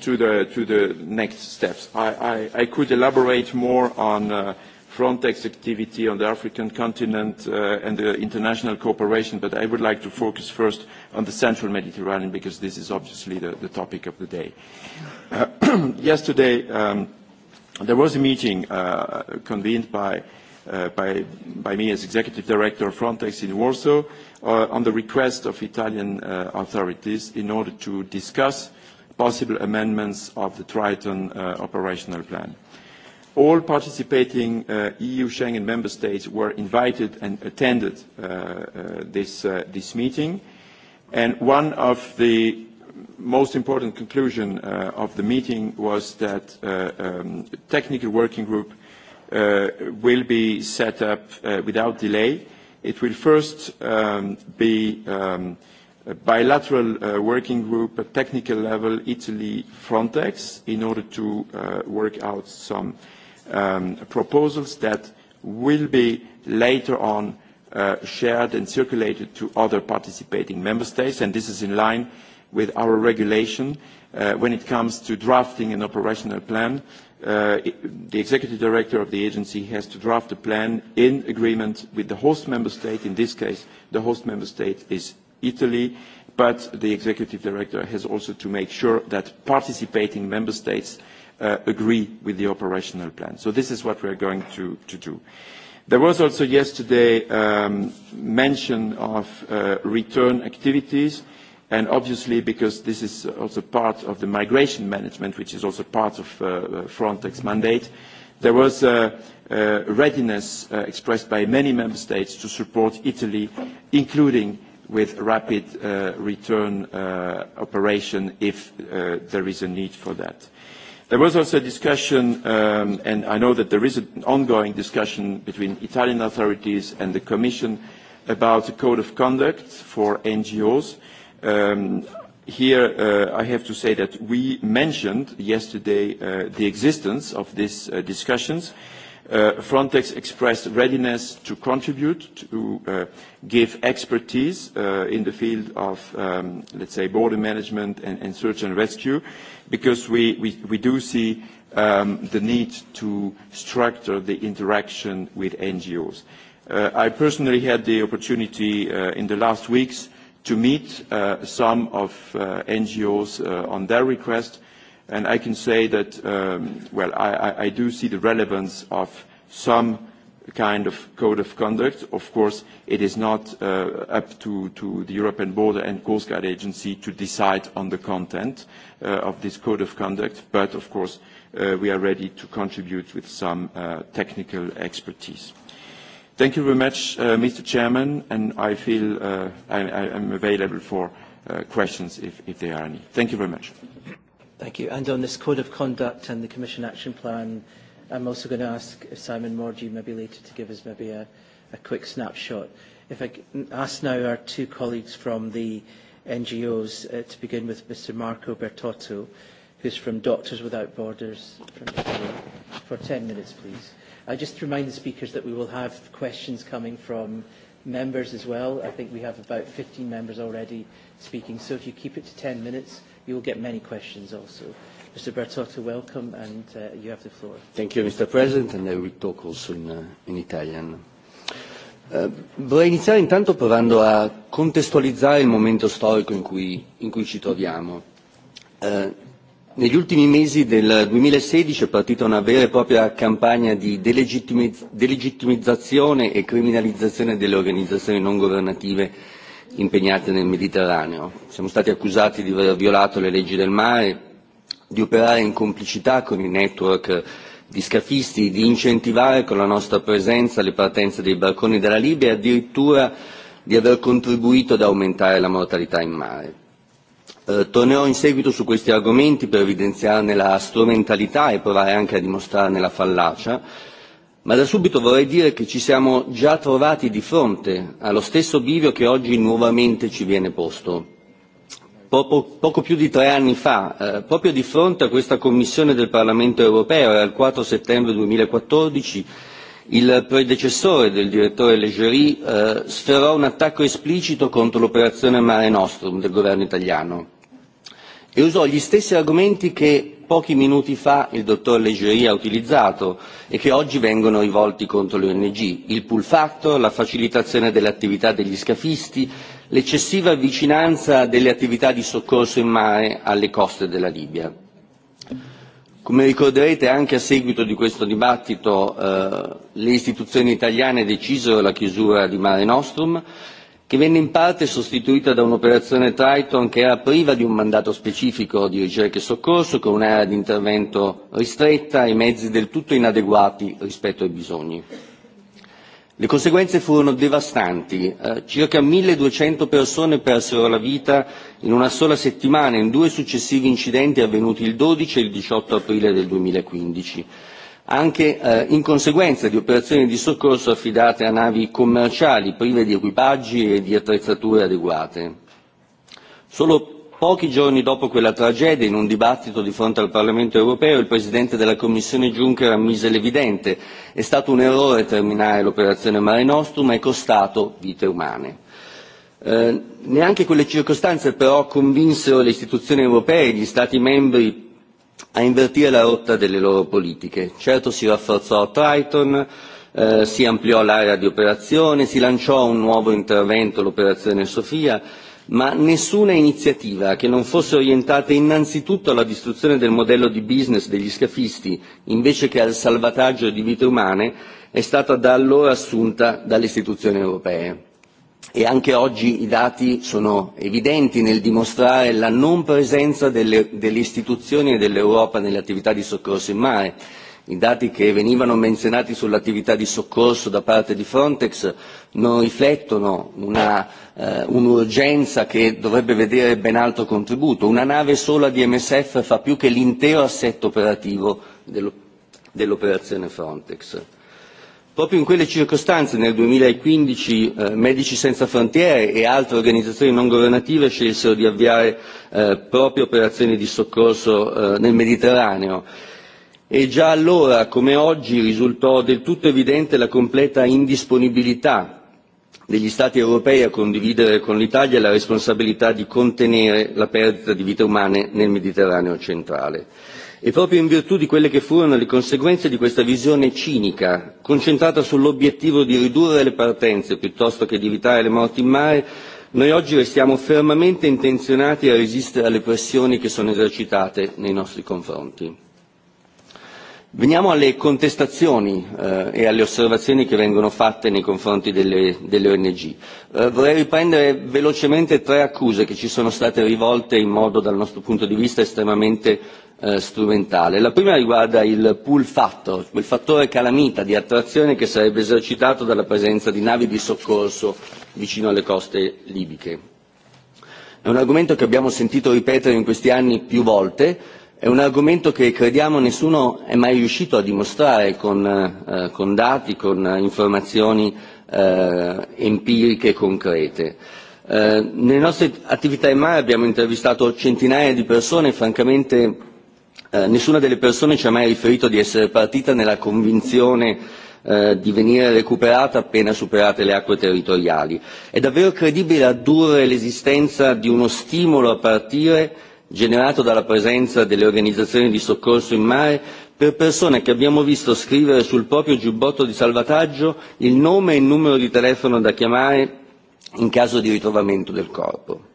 [SPEAKER 3] to the to the next steps. I could elaborate more on Frontex activity on the African continent and the international cooperation, but I would like to focus first on the central Mediterranean because this is obviously the topic of the day. Yesterday, there was a meeting convened by me as Executive Director of Frontex in Warsaw on the request of Italian authorities in order to discuss possible amendments of the Triton operational plan. All participating EU Schengen member states were invited and attended this meeting. And one of the most important conclusion of the meeting was that a technical working group will be set up without delay. It will first be a bilateral working group at technical level, Italy, Frontex, in order to work out some proposals that will be later on shared and circulated to other participating member states, and this is in line with our regulation when it comes to drafting an operational plan. The executive director of the agency has to draft a plan in agreement with the host member state. In this case, the host member state is Italy, but the executive director has also to make sure that participating member states agree with the operational plan. So this is what we are going to do. There was also yesterday mention of return activities, and obviously because this is also part of the migration management, which is also part of Frontex mandate, there was a readiness expressed by many member states to support Italy, including with rapid return operation if there is a need for that. There was also a discussion, and I know that there is an ongoing discussion between Italian authorities and the Commission about the code of conduct for NGOs. Here, I have to say that we mentioned yesterday the existence of these discussions Frontex expressed readiness to contribute, to give expertise in the field of, let's say, border management and search and rescue, because we do see the need to structure the interaction with NGOs. I personally had the opportunity in the last weeks to meet some of NGOs on their request And I can say that, well, I do see the relevance of some kind of code of conduct. Of course, it is not up to the European Border and Coast Guard Agency to decide on the content of this code of conduct, but of course, we are ready to contribute with some technical expertise. Thank you very much, Mr. Chairman, and I feel I am available for questions if there are any. Thank you very much.
[SPEAKER 1] Thank you. And on this code of conduct and the Commission action plan, I'm also going to ask Simon Morgie maybe later to give us maybe a, quick snapshot. If I ask now our two colleagues from the NGOs, to begin with Mr. Marco Bertotto, who's from Doctors Without Borders, from for 10 minutes, please. I just remind the speakers that we will have questions coming from members as well. I think we have about 15 members already speaking, so if you keep it to 10 minutes, you will get many questions also. Mr. Bertotto, welcome, and you have the floor. Thank
[SPEAKER 4] you, Mr. President, and I will talk also in, Italian. Vorrei iniziare intanto provando a contestualizzare il momento storico in cui, in cui ci troviamo. Negli ultimi mesi del 2016 è partita una vera e propria campagna di delegittimizzazione e criminalizzazione delle organizzazioni non governative impegnate nel Mediterraneo. Siamo stati accusati di aver violato le leggi del mare, di operare in complicità con i network di scafisti, di incentivare con la nostra presenza le partenze dei barconi dalla Libia e addirittura di aver contribuito ad aumentare la mortalità in mare. Tornerò in seguito su questi argomenti per evidenziarne la strumentalità e provare anche a dimostrarne la fallacia Ma da subito vorrei dire che ci siamo già trovati di fronte allo stesso bivio che oggi nuovamente ci viene posto. Poco più di tre anni fa, proprio di fronte a questa Commissione del Parlamento europeo, e il 4 settembre 2014, il predecessore del direttore Leggeri sferrò un attacco esplicito contro l'operazione Mare Nostrum del governo italiano e usò gli stessi argomenti che pochi minuti fa il dottor Leggeri ha utilizzato e che oggi vengono rivolti contro le ONG, il pull factor, la facilitazione delle attività degli scafisti, l'eccessiva vicinanza delle attività di soccorso in mare alle coste della Libia. Come ricorderete anche a seguito di questo dibattito le istituzioni italiane decisero la chiusura di Mare Nostrum che venne in parte sostituita da un'operazione Triton che era priva di un mandato specifico di ricerca e soccorso, con un'area di intervento ristretta e mezzi del tutto inadeguati rispetto ai bisogni. Le conseguenze furono devastanti. Circa 1200 persone persero la vita in una sola settimana in due successivi incidenti avvenuti il 12 e il 18 aprile del 2015 anche in conseguenza di operazioni di soccorso affidate a navi commerciali prive di equipaggi e di attrezzature adeguate. Solo pochi giorni dopo quella tragedia, in un dibattito di fronte al Parlamento europeo, il Presidente della Commissione Juncker ammise l'evidente è stato un errore terminare l'operazione Mare Nostrum e costato vite umane. Neanche quelle circostanze però convinsero le istituzioni europee e gli Stati membri a invertire la rotta delle loro politiche. Certo si rafforzò Triton, si ampliò l'area di operazione, si lanciò un nuovo intervento, l'operazione Sofia, ma nessuna iniziativa che non fosse orientata innanzitutto alla distruzione del modello di business degli scafisti, invece che al salvataggio di vite umane, è stata da allora assunta dalle istituzioni europee e anche oggi i dati sono evidenti nel dimostrare la non presenza delle istituzioni e dell'Europa nelle attività di soccorso in mare. I dati che venivano menzionati sull'attività di soccorso da parte di Frontex non riflettono un'urgenza che dovrebbe vedere ben altro contributo. Una nave sola di MSF fa più che l'intero assetto operativo dell'operazione Frontex. Proprio in quelle circostanze nel 2015 Medici Senza Frontiere e altre organizzazioni non governative scelsero di avviare proprie operazioni di soccorso nel Mediterraneo e già allora come oggi risultò del tutto evidente la completa indisponibilità degli Stati europei a condividere con l'Italia la responsabilità di contenere la perdita di vite umane nel Mediterraneo centrale e proprio in virtù di quelle che furono le conseguenze di questa visione cinica concentrata sull'obiettivo di ridurre le partenze piuttosto che di evitare le morti in mare noi oggi restiamo fermamente intenzionati a resistere alle pressioni che sono esercitate nei nostri confronti. Veniamo alle contestazioni e alle osservazioni che vengono fatte nei confronti delle ONG. Vorrei riprendere velocemente tre accuse che ci sono state rivolte in modo, dal nostro punto di vista, estremamente strumentale. La prima riguarda il pull factor, il fattore calamita di attrazione che sarebbe esercitato dalla presenza di navi di soccorso vicino alle coste libiche. È un argomento che abbiamo sentito ripetere in questi anni più volte È un argomento che crediamo nessuno è mai riuscito a dimostrare con, con dati, con informazioni empiriche e concrete. Nelle nostre attività in mare abbiamo intervistato centinaia di persone e francamente nessuna delle persone ci ha mai riferito di essere partita nella convinzione di venire recuperata appena superate le acque territoriali. È davvero credibile addurre l'esistenza di uno stimolo a partire generato dalla presenza delle organizzazioni di soccorso in mare per persone che abbiamo visto scrivere sul proprio giubbotto di salvataggio il nome e il numero di telefono da chiamare in caso di ritrovamento del corpo.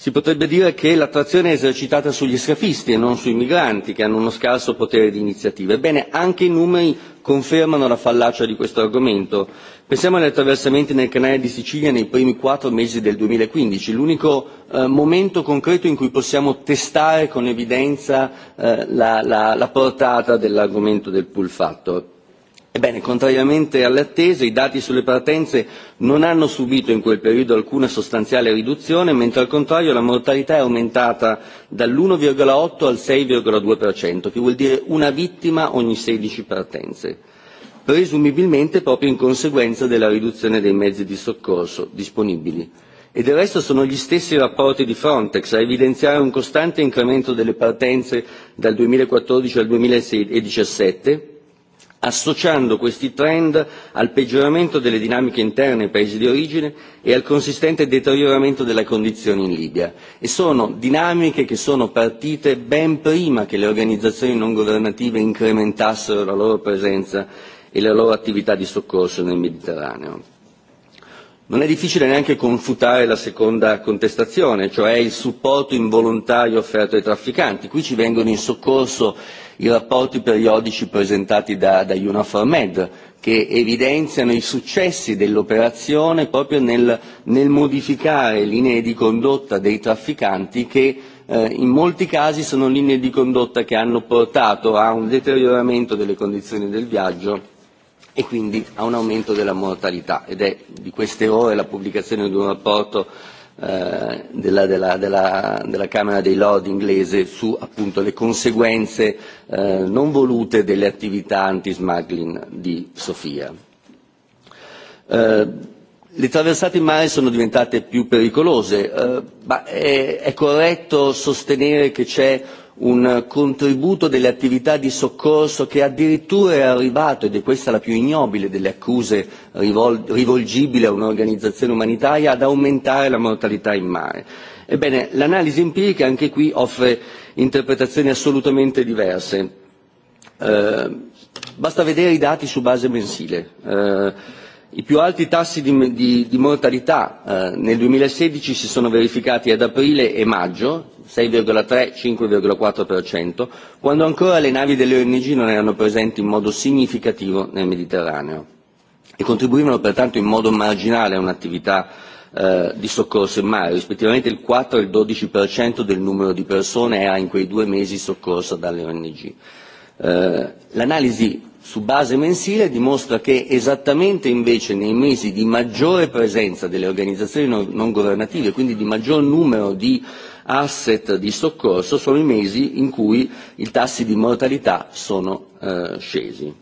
[SPEAKER 4] Si potrebbe dire che l'attrazione è esercitata sugli scafisti e non sui migranti, che hanno uno scarso potere di iniziativa. Ebbene, anche i numeri confermano la fallacia di questo argomento. Pensiamo agli attraversamenti nel canale di Sicilia nei primi quattro mesi del 2015, l'unico momento concreto in cui possiamo testare con evidenza la portata dell'argomento del pull factor Ebbene, contrariamente alle attese, i dati sulle partenze non hanno subito in quel periodo alcuna sostanziale riduzione, mentre al contrario la mortalità è aumentata dall'1,8 al 6,2%, che vuol dire una vittima ogni 16 partenze, presumibilmente proprio in conseguenza della riduzione dei mezzi di soccorso disponibili. E del resto sono gli stessi rapporti di Frontex a evidenziare un costante incremento delle partenze dal 2014 al 2017, associando questi trend al peggioramento delle dinamiche interne ai paesi di origine e al consistente deterioramento delle condizioni in Libia e sono dinamiche che sono partite ben prima che le organizzazioni non governative incrementassero la loro presenza e la loro attività di soccorso nel Mediterraneo. Non è difficile neanche confutare la seconda contestazione, cioè il supporto involontario offerto ai trafficanti. Qui ci vengono in soccorso i rapporti periodici presentati da Med, che evidenziano i successi dell'operazione proprio nel modificare linee di condotta dei trafficanti che in molti casi sono linee di condotta che hanno portato a un deterioramento delle condizioni del viaggio e quindi a un aumento della mortalità ed è di queste ore la pubblicazione di un rapporto della della della della Camera dei Lord inglese su appunto le conseguenze non volute delle attività anti-smuggling di Sofia. Le traversate in mare sono diventate più pericolose, ma è corretto sostenere che c'è un contributo delle attività di soccorso che addirittura è arrivato ed è questa la più ignobile delle accuse rivolgibili a un'organizzazione umanitaria ad aumentare la mortalità in mare. Ebbene, l'analisi empirica anche qui offre interpretazioni assolutamente diverse. Basta vedere i dati su base mensile I più alti tassi di mortalità nel 2016 si sono verificati ad aprile e maggio, 6,3-5,4%, quando ancora le navi delle ONG non erano presenti in modo significativo nel Mediterraneo e contribuivano pertanto in modo marginale a un'attività di soccorso in mare, rispettivamente il 4 e il 12% del numero di persone era in quei due mesi soccorso dalle ONG. L'analisi su base mensile dimostra che esattamente invece nei mesi di maggiore presenza delle organizzazioni non governative, quindi di maggior numero di asset di soccorso, sono i mesi in cui i tassi di mortalità sono scesi.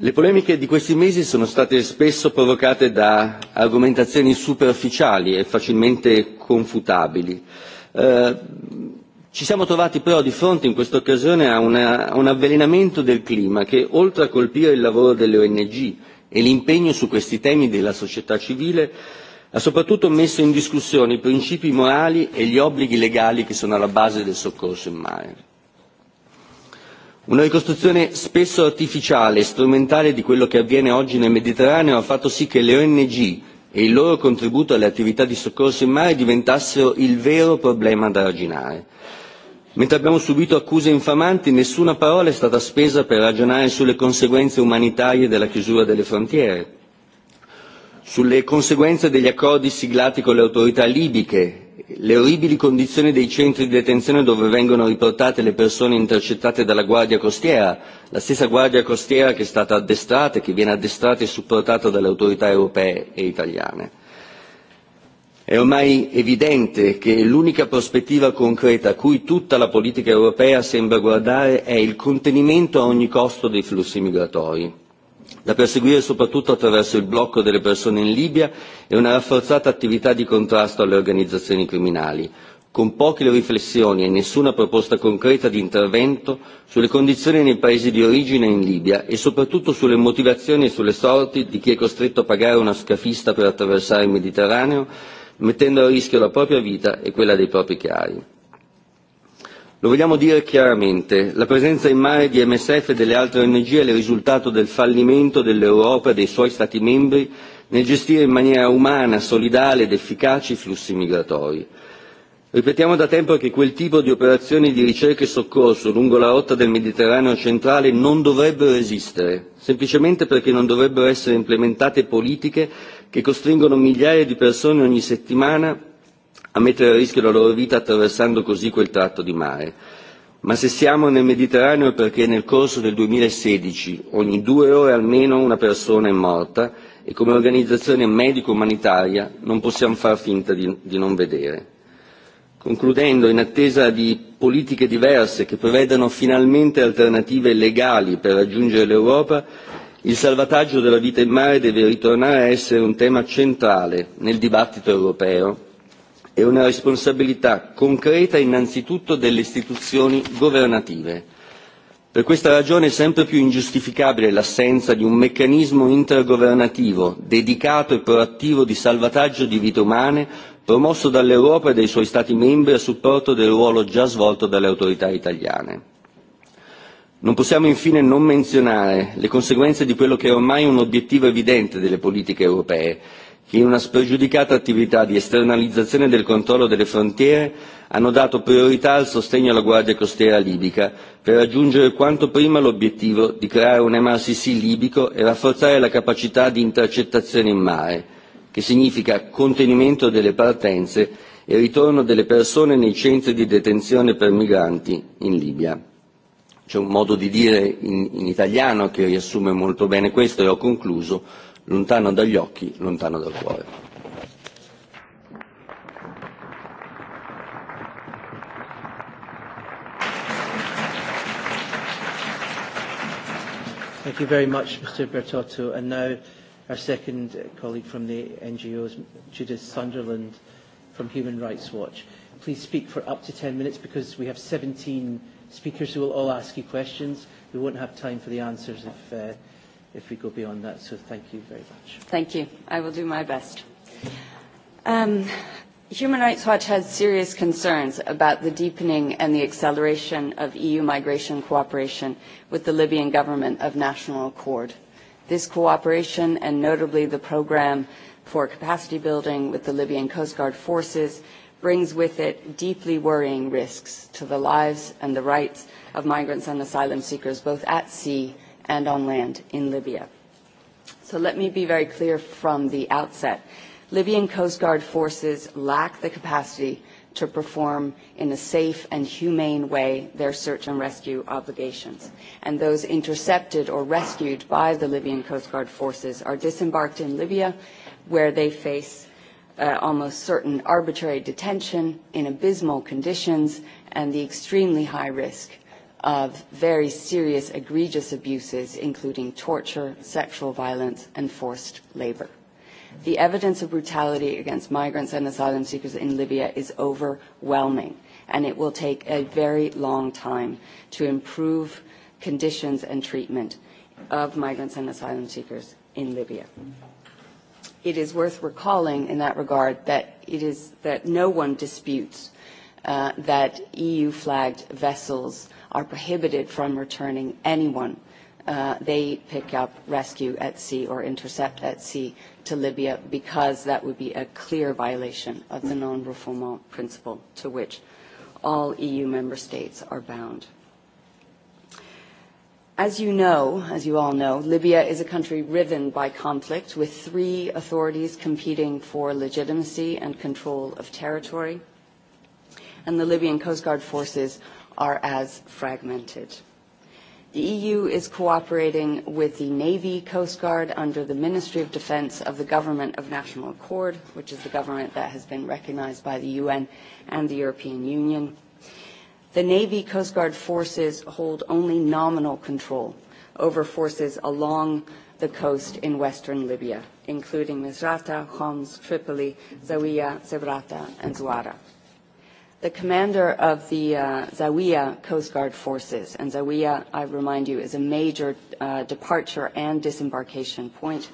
[SPEAKER 4] Le polemiche di questi mesi sono state spesso provocate da argomentazioni superficiali e facilmente confutabili Ci siamo trovati però di fronte in questa occasione a un avvelenamento del clima che, oltre a colpire il lavoro delle ONG e l'impegno su questi temi della società civile, ha soprattutto messo in discussione i principi morali e gli obblighi legali che sono alla base del soccorso in mare. Una ricostruzione spesso artificiale e strumentale di quello che avviene oggi nel Mediterraneo ha fatto sì che le ONG e il loro contributo alle attività di soccorso in mare diventassero il vero problema da raginare. Mentre abbiamo subito accuse infamanti, nessuna parola è stata spesa per ragionare sulle conseguenze umanitarie della chiusura delle frontiere, sulle conseguenze degli accordi siglati con le autorità libiche, le orribili condizioni dei centri di detenzione dove vengono riportate le persone intercettate dalla Guardia Costiera, la stessa Guardia Costiera che è stata addestrata e che viene addestrata e supportata dalle autorità europee e italiane È ormai evidente che l'unica prospettiva concreta a cui tutta la politica europea sembra guardare è il contenimento a ogni costo dei flussi migratori, da perseguire soprattutto attraverso il blocco delle persone in Libia e una rafforzata attività di contrasto alle organizzazioni criminali, con poche riflessioni e nessuna proposta concreta di intervento sulle condizioni nei paesi di origine in Libia e soprattutto sulle motivazioni e sulle sorti di chi è costretto a pagare una scafista per attraversare il Mediterraneo mettendo a rischio la propria vita e quella dei propri cari. Lo vogliamo dire chiaramente, la presenza in mare di MSF e delle altre ONG è il risultato del fallimento dell'Europa e dei suoi Stati membri nel gestire in maniera umana, solidale ed efficace i flussi migratori. Ripetiamo da tempo che quel tipo di operazioni di ricerca e soccorso lungo la rotta del Mediterraneo centrale non dovrebbero esistere, semplicemente perché non dovrebbero essere implementate politiche che costringono migliaia di persone ogni settimana a mettere a rischio la loro vita attraversando così quel tratto di mare. Ma se siamo nel Mediterraneo è perché nel corso del 2016 ogni due ore almeno una persona è morta e come organizzazione medico-umanitaria non possiamo far finta di non vedere. Concludendo, in attesa di politiche diverse che prevedano finalmente alternative legali per raggiungere l'Europa, Il salvataggio della vita in mare deve ritornare a essere un tema centrale nel dibattito europeo e una responsabilità concreta innanzitutto delle istituzioni governative. Per questa ragione è sempre più ingiustificabile l'assenza di un meccanismo intergovernativo dedicato e proattivo di salvataggio di vite umane promosso dall'Europa e dai suoi Stati membri a supporto del ruolo già svolto dalle autorità italiane Non possiamo infine non menzionare le conseguenze di quello che è ormai un obiettivo evidente delle politiche europee, che in una spregiudicata attività di esternalizzazione del controllo delle frontiere hanno dato priorità al sostegno alla Guardia Costiera libica per raggiungere quanto prima l'obiettivo di creare un MRCC libico e rafforzare la capacità di intercettazione in mare, che significa contenimento delle partenze e ritorno delle persone nei centri di detenzione per migranti in Libia c'è un modo di dire in italiano che riassume molto bene questo e ho concluso lontano dagli occhi, lontano dal cuore.
[SPEAKER 1] Thank you very much, Mr. Bertotto. And now our second colleague from the NGOs, Judith Sunderland from Human Rights Watch. Please speak for up to 10 minutes because we have 17 speakers who will all ask you questions. We won't have time for the answers if, if we go beyond that, so thank you very much.
[SPEAKER 5] Thank you. I will do my best. Um, Human Rights Watch has serious concerns about the deepening and the acceleration of EU migration cooperation with the Libyan government of national accord. This cooperation, and notably the program for capacity building with the Libyan Coast Guard forces, brings with it deeply worrying risks to the lives and the rights of migrants and asylum seekers, both at sea and on land in Libya. So let me be very clear from the outset. Libyan Coast Guard forces lack the capacity to perform in a safe and humane way their search and rescue obligations. And those intercepted or rescued by the Libyan Coast Guard forces are disembarked in Libya, where they face almost certain arbitrary detention in abysmal conditions and the extremely high risk of very serious egregious abuses including torture sexual violence and forced labor the evidence of brutality against migrants and asylum seekers in libya is overwhelming and it will take a very long time to improve conditions and treatment of migrants and asylum seekers in libya it is worth recalling in that regard that it is that no one disputes that EU flagged vessels are prohibited from returning anyone they pick up, rescue at sea or intercept at sea to Libya because that would be a clear violation of the non-refoulement principle to which all EU member states are bound. As you know, as you all know, Libya is a country riven by conflict with three authorities competing for legitimacy and control of territory, and the Libyan Coast Guard forces are as fragmented. The EU is cooperating with the Navy Coast Guard under the Ministry of Defence of the Government of National Accord, which is the government that has been recognised by the UN and the European Union The Navy Coast Guard forces hold only nominal control over forces along the coast in western Libya, including Misrata, Homs, Tripoli, Zawiya, Zebrata, and Zuara. The commander of the Zawiya Coast Guard forces, and Zawiya, I remind you, is a major departure and disembarkation point,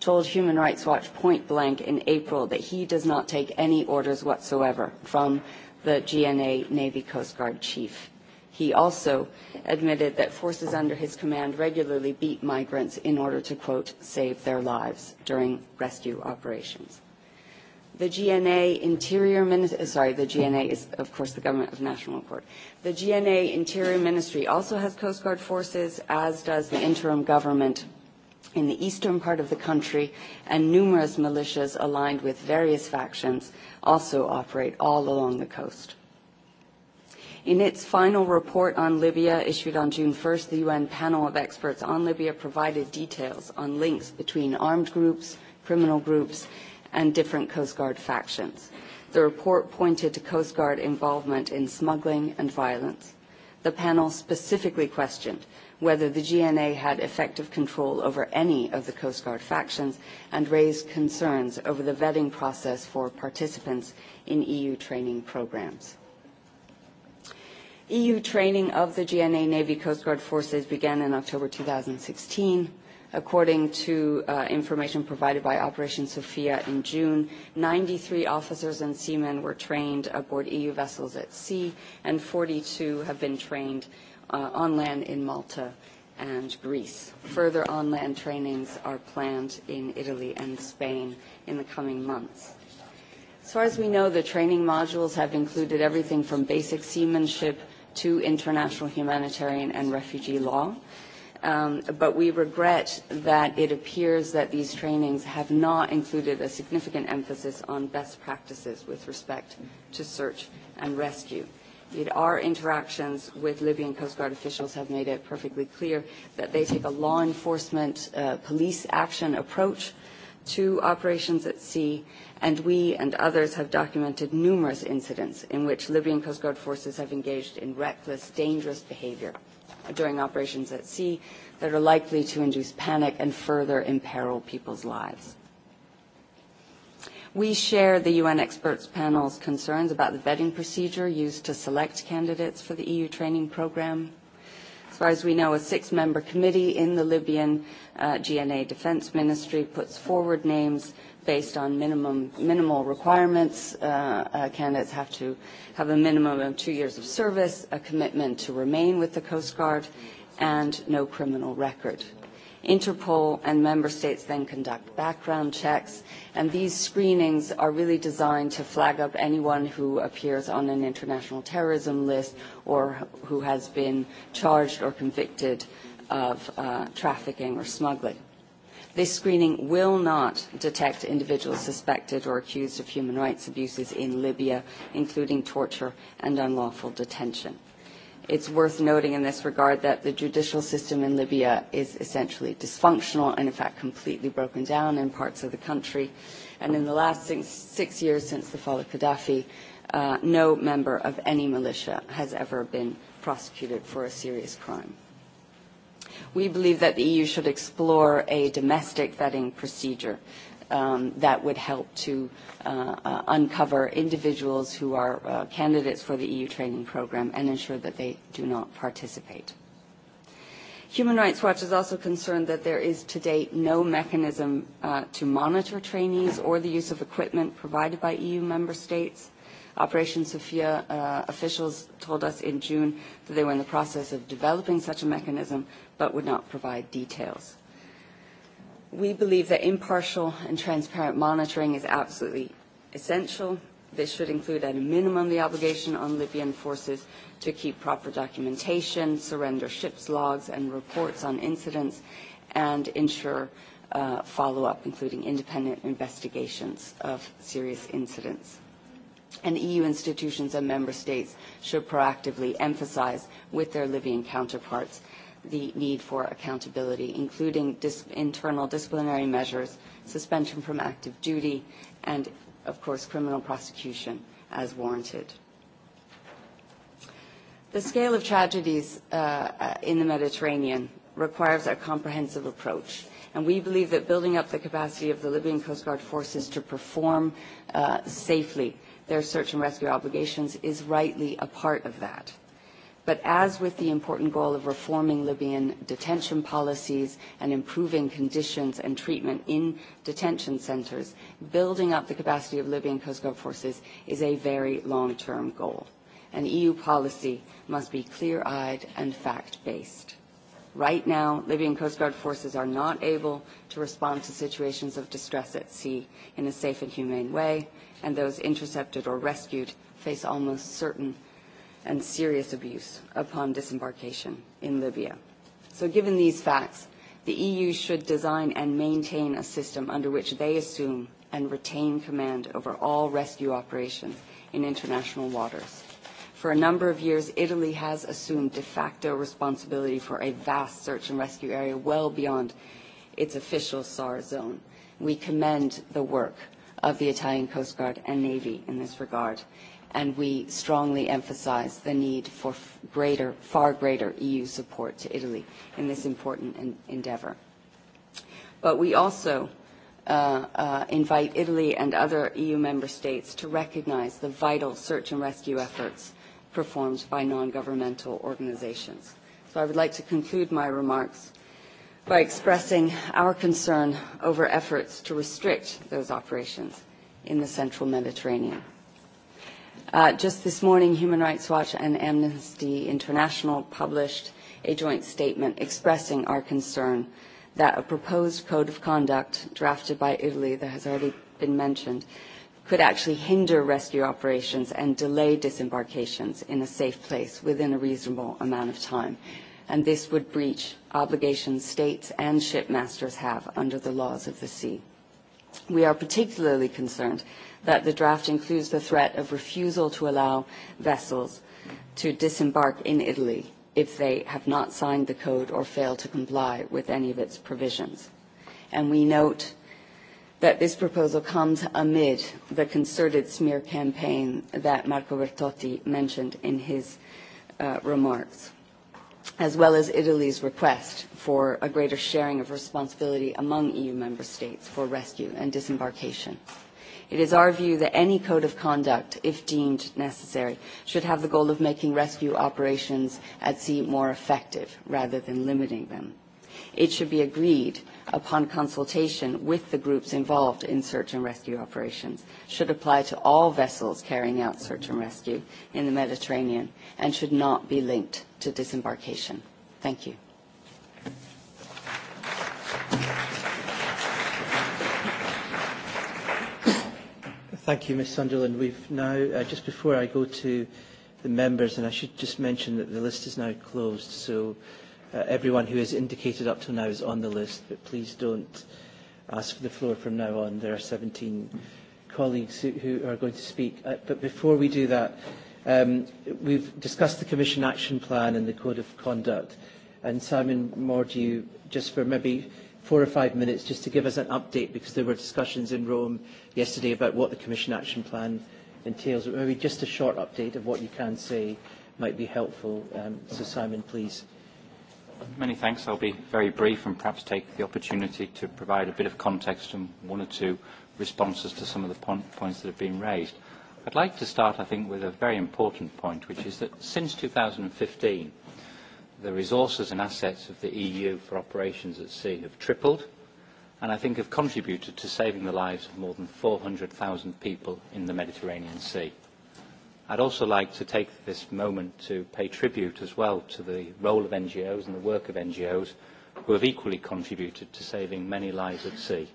[SPEAKER 5] told Human Rights Watch point blank in April that he does not take any orders whatsoever from the GNA Navy Coast Guard chief. He also admitted that forces under his command regularly beat migrants in order to, quote, save their lives during rescue operations. The GNA Interior Ministry, sorry, the GNA is, of course, the Government of National Accord. The GNA Interior Ministry also has Coast Guard forces, as does the interim government in the eastern part of the country, and numerous militias aligned with various factions also operate all along the coast. In its final report on Libya, issued on June 1st, the UN panel of experts on Libya provided details on links between armed groups, criminal groups, and different Coast Guard factions. The report pointed to Coast Guard involvement in smuggling and violence. The panel specifically questioned whether the GNA had effective control over any of the Coast Guard factions and raised concerns over the vetting process for participants in EU training programs. EU training of the GNA Navy Coast Guard forces began in October 2016. According to information provided by Operation Sophia in June, 93 officers and seamen were trained aboard EU vessels at sea, and 42 have been trained on land in Malta and Greece. Further on land trainings are planned in Italy and Spain in the coming months. As far as we know, the training modules have included everything from basic seamanship to international humanitarian and refugee law, but we regret that it appears that these trainings have not included a significant emphasis on best practices with respect to search and rescue. Our interactions with Libyan Coast Guard officials have made it perfectly clear that they take a law enforcement police action approach to operations at sea, and we and others have documented numerous incidents in which Libyan Coast Guard forces have engaged in reckless, dangerous behavior during operations at sea that are likely to induce panic and further imperil people's lives. We share the UN experts panel's concerns about the vetting procedure used to select candidates for the EU training program. As far as we know, a six-member committee in the Libyan GNA Defense Ministry puts forward names based on minimum minimal requirements. Candidates have to have a minimum of two years of service, a commitment to remain with the Coast Guard, and no criminal record. Interpol and member states then conduct background checks, and these screenings are really designed to flag up anyone who appears on an international terrorism list or who has been charged or convicted of trafficking or smuggling. This screening will not detect individuals suspected or accused of human rights abuses in Libya, including torture and unlawful detention. It's worth noting in this regard that the judicial system in Libya is essentially dysfunctional and, in fact, completely broken down in parts of the country. And in the last six years since the fall of Gaddafi, no member of any militia has ever been prosecuted for a serious crime. We believe that the EU should explore a domestic vetting procedure that would help to uncover individuals who are candidates for the EU training program and ensure that they do not participate. Human Rights Watch is also concerned that there is to date no mechanism to monitor trainees or the use of equipment provided by EU member states. Operation Sophia officials told us in June that they were in the process of developing such a mechanism but would not provide details. We believe that impartial and transparent monitoring is absolutely essential. This should include at a minimum the obligation on Libyan forces to keep proper documentation, surrender ships logs and reports on incidents, and ensure follow-up, including independent investigations of serious incidents. And EU institutions and member states should proactively emphasize with their Libyan counterparts the need for accountability, including internal disciplinary measures, suspension from active duty, and, of course, criminal prosecution as warranted. The scale of tragedies in the Mediterranean requires a comprehensive approach, and we believe that building up the capacity of the Libyan Coast Guard forces to perform safely their search and rescue obligations is rightly a part of that. But as with the important goal of reforming Libyan detention policies and improving conditions and treatment in detention centers, building up the capacity of Libyan Coast Guard forces is a very long-term goal. And EU policy must be clear-eyed and fact-based. Right now, Libyan Coast Guard forces are not able to respond to situations of distress at sea in a safe and humane way, and those intercepted or rescued face almost certain and serious abuse upon disembarkation in Libya. So given these facts, the EU should design and maintain a system under which they assume and retain command over all rescue operations in international waters. For a number of years, Italy has assumed de facto responsibility for a vast search and rescue area well beyond its official SAR zone. We commend the work of the Italian Coast Guard and Navy in this regard and we strongly emphasize the need for greater, far greater EU support to Italy in this important endeavour. But we also invite Italy and other EU member states to recognise the vital search and rescue efforts performed by non-governmental organisations. So I would like to conclude my remarks by expressing our concern over efforts to restrict those operations in the central Mediterranean. Just this morning, Human Rights Watch and Amnesty International published a joint statement expressing our concern that a proposed code of conduct drafted by Italy that has already been mentioned could actually hinder rescue operations and delay disembarkations in a safe place within a reasonable amount of time. And this would breach obligations states and shipmasters have under the laws of the sea. We are particularly concerned that the draft includes the threat of refusal to allow vessels to disembark in Italy if they have not signed the code or fail to comply with any of its provisions. And we note that this proposal comes amid the concerted smear campaign that Marco Bertotti mentioned in his remarks, as well as Italy's request for a greater sharing of responsibility among EU member states for rescue and disembarkation. It is our view that any code of conduct, if deemed necessary, should have the goal of making rescue operations at sea more effective rather than limiting them. It should be agreed upon consultation with the groups involved in search and rescue operations, should apply to all vessels carrying out search and rescue in the Mediterranean, and should not be linked to disembarkation.
[SPEAKER 1] Thank you. Thank you, Ms. Sunderland. We've now, just before I go to the members, and I should just mention that the list is now closed, so uh, everyone who has indicated up till now is on the list, but please don't ask for the floor from now on. There are 17 colleagues who, are going to speak. but before we do that, um, we've discussed the Commission Action Plan and the Code of Conduct, and Simon Mordew, just for maybe four or five minutes just to give us an update because there were discussions in Rome yesterday about what the Commission Action Plan entails. maybe just a short update of what you can say might be helpful. Um, so Simon, please.
[SPEAKER 6] Many thanks. I'll be very brief and perhaps take the opportunity to provide a bit of context and one or two responses to some of the points that have been raised. I'd like to start, I think, with a very important point, which is that since 2015, the resources and assets of the EU for operations at sea have tripled and I think have contributed to saving the lives of more than 400,000 people in the Mediterranean Sea. I'd also like to take this moment to pay tribute as well to the role of NGOs and the work of NGOs who have equally contributed to saving many lives at sea.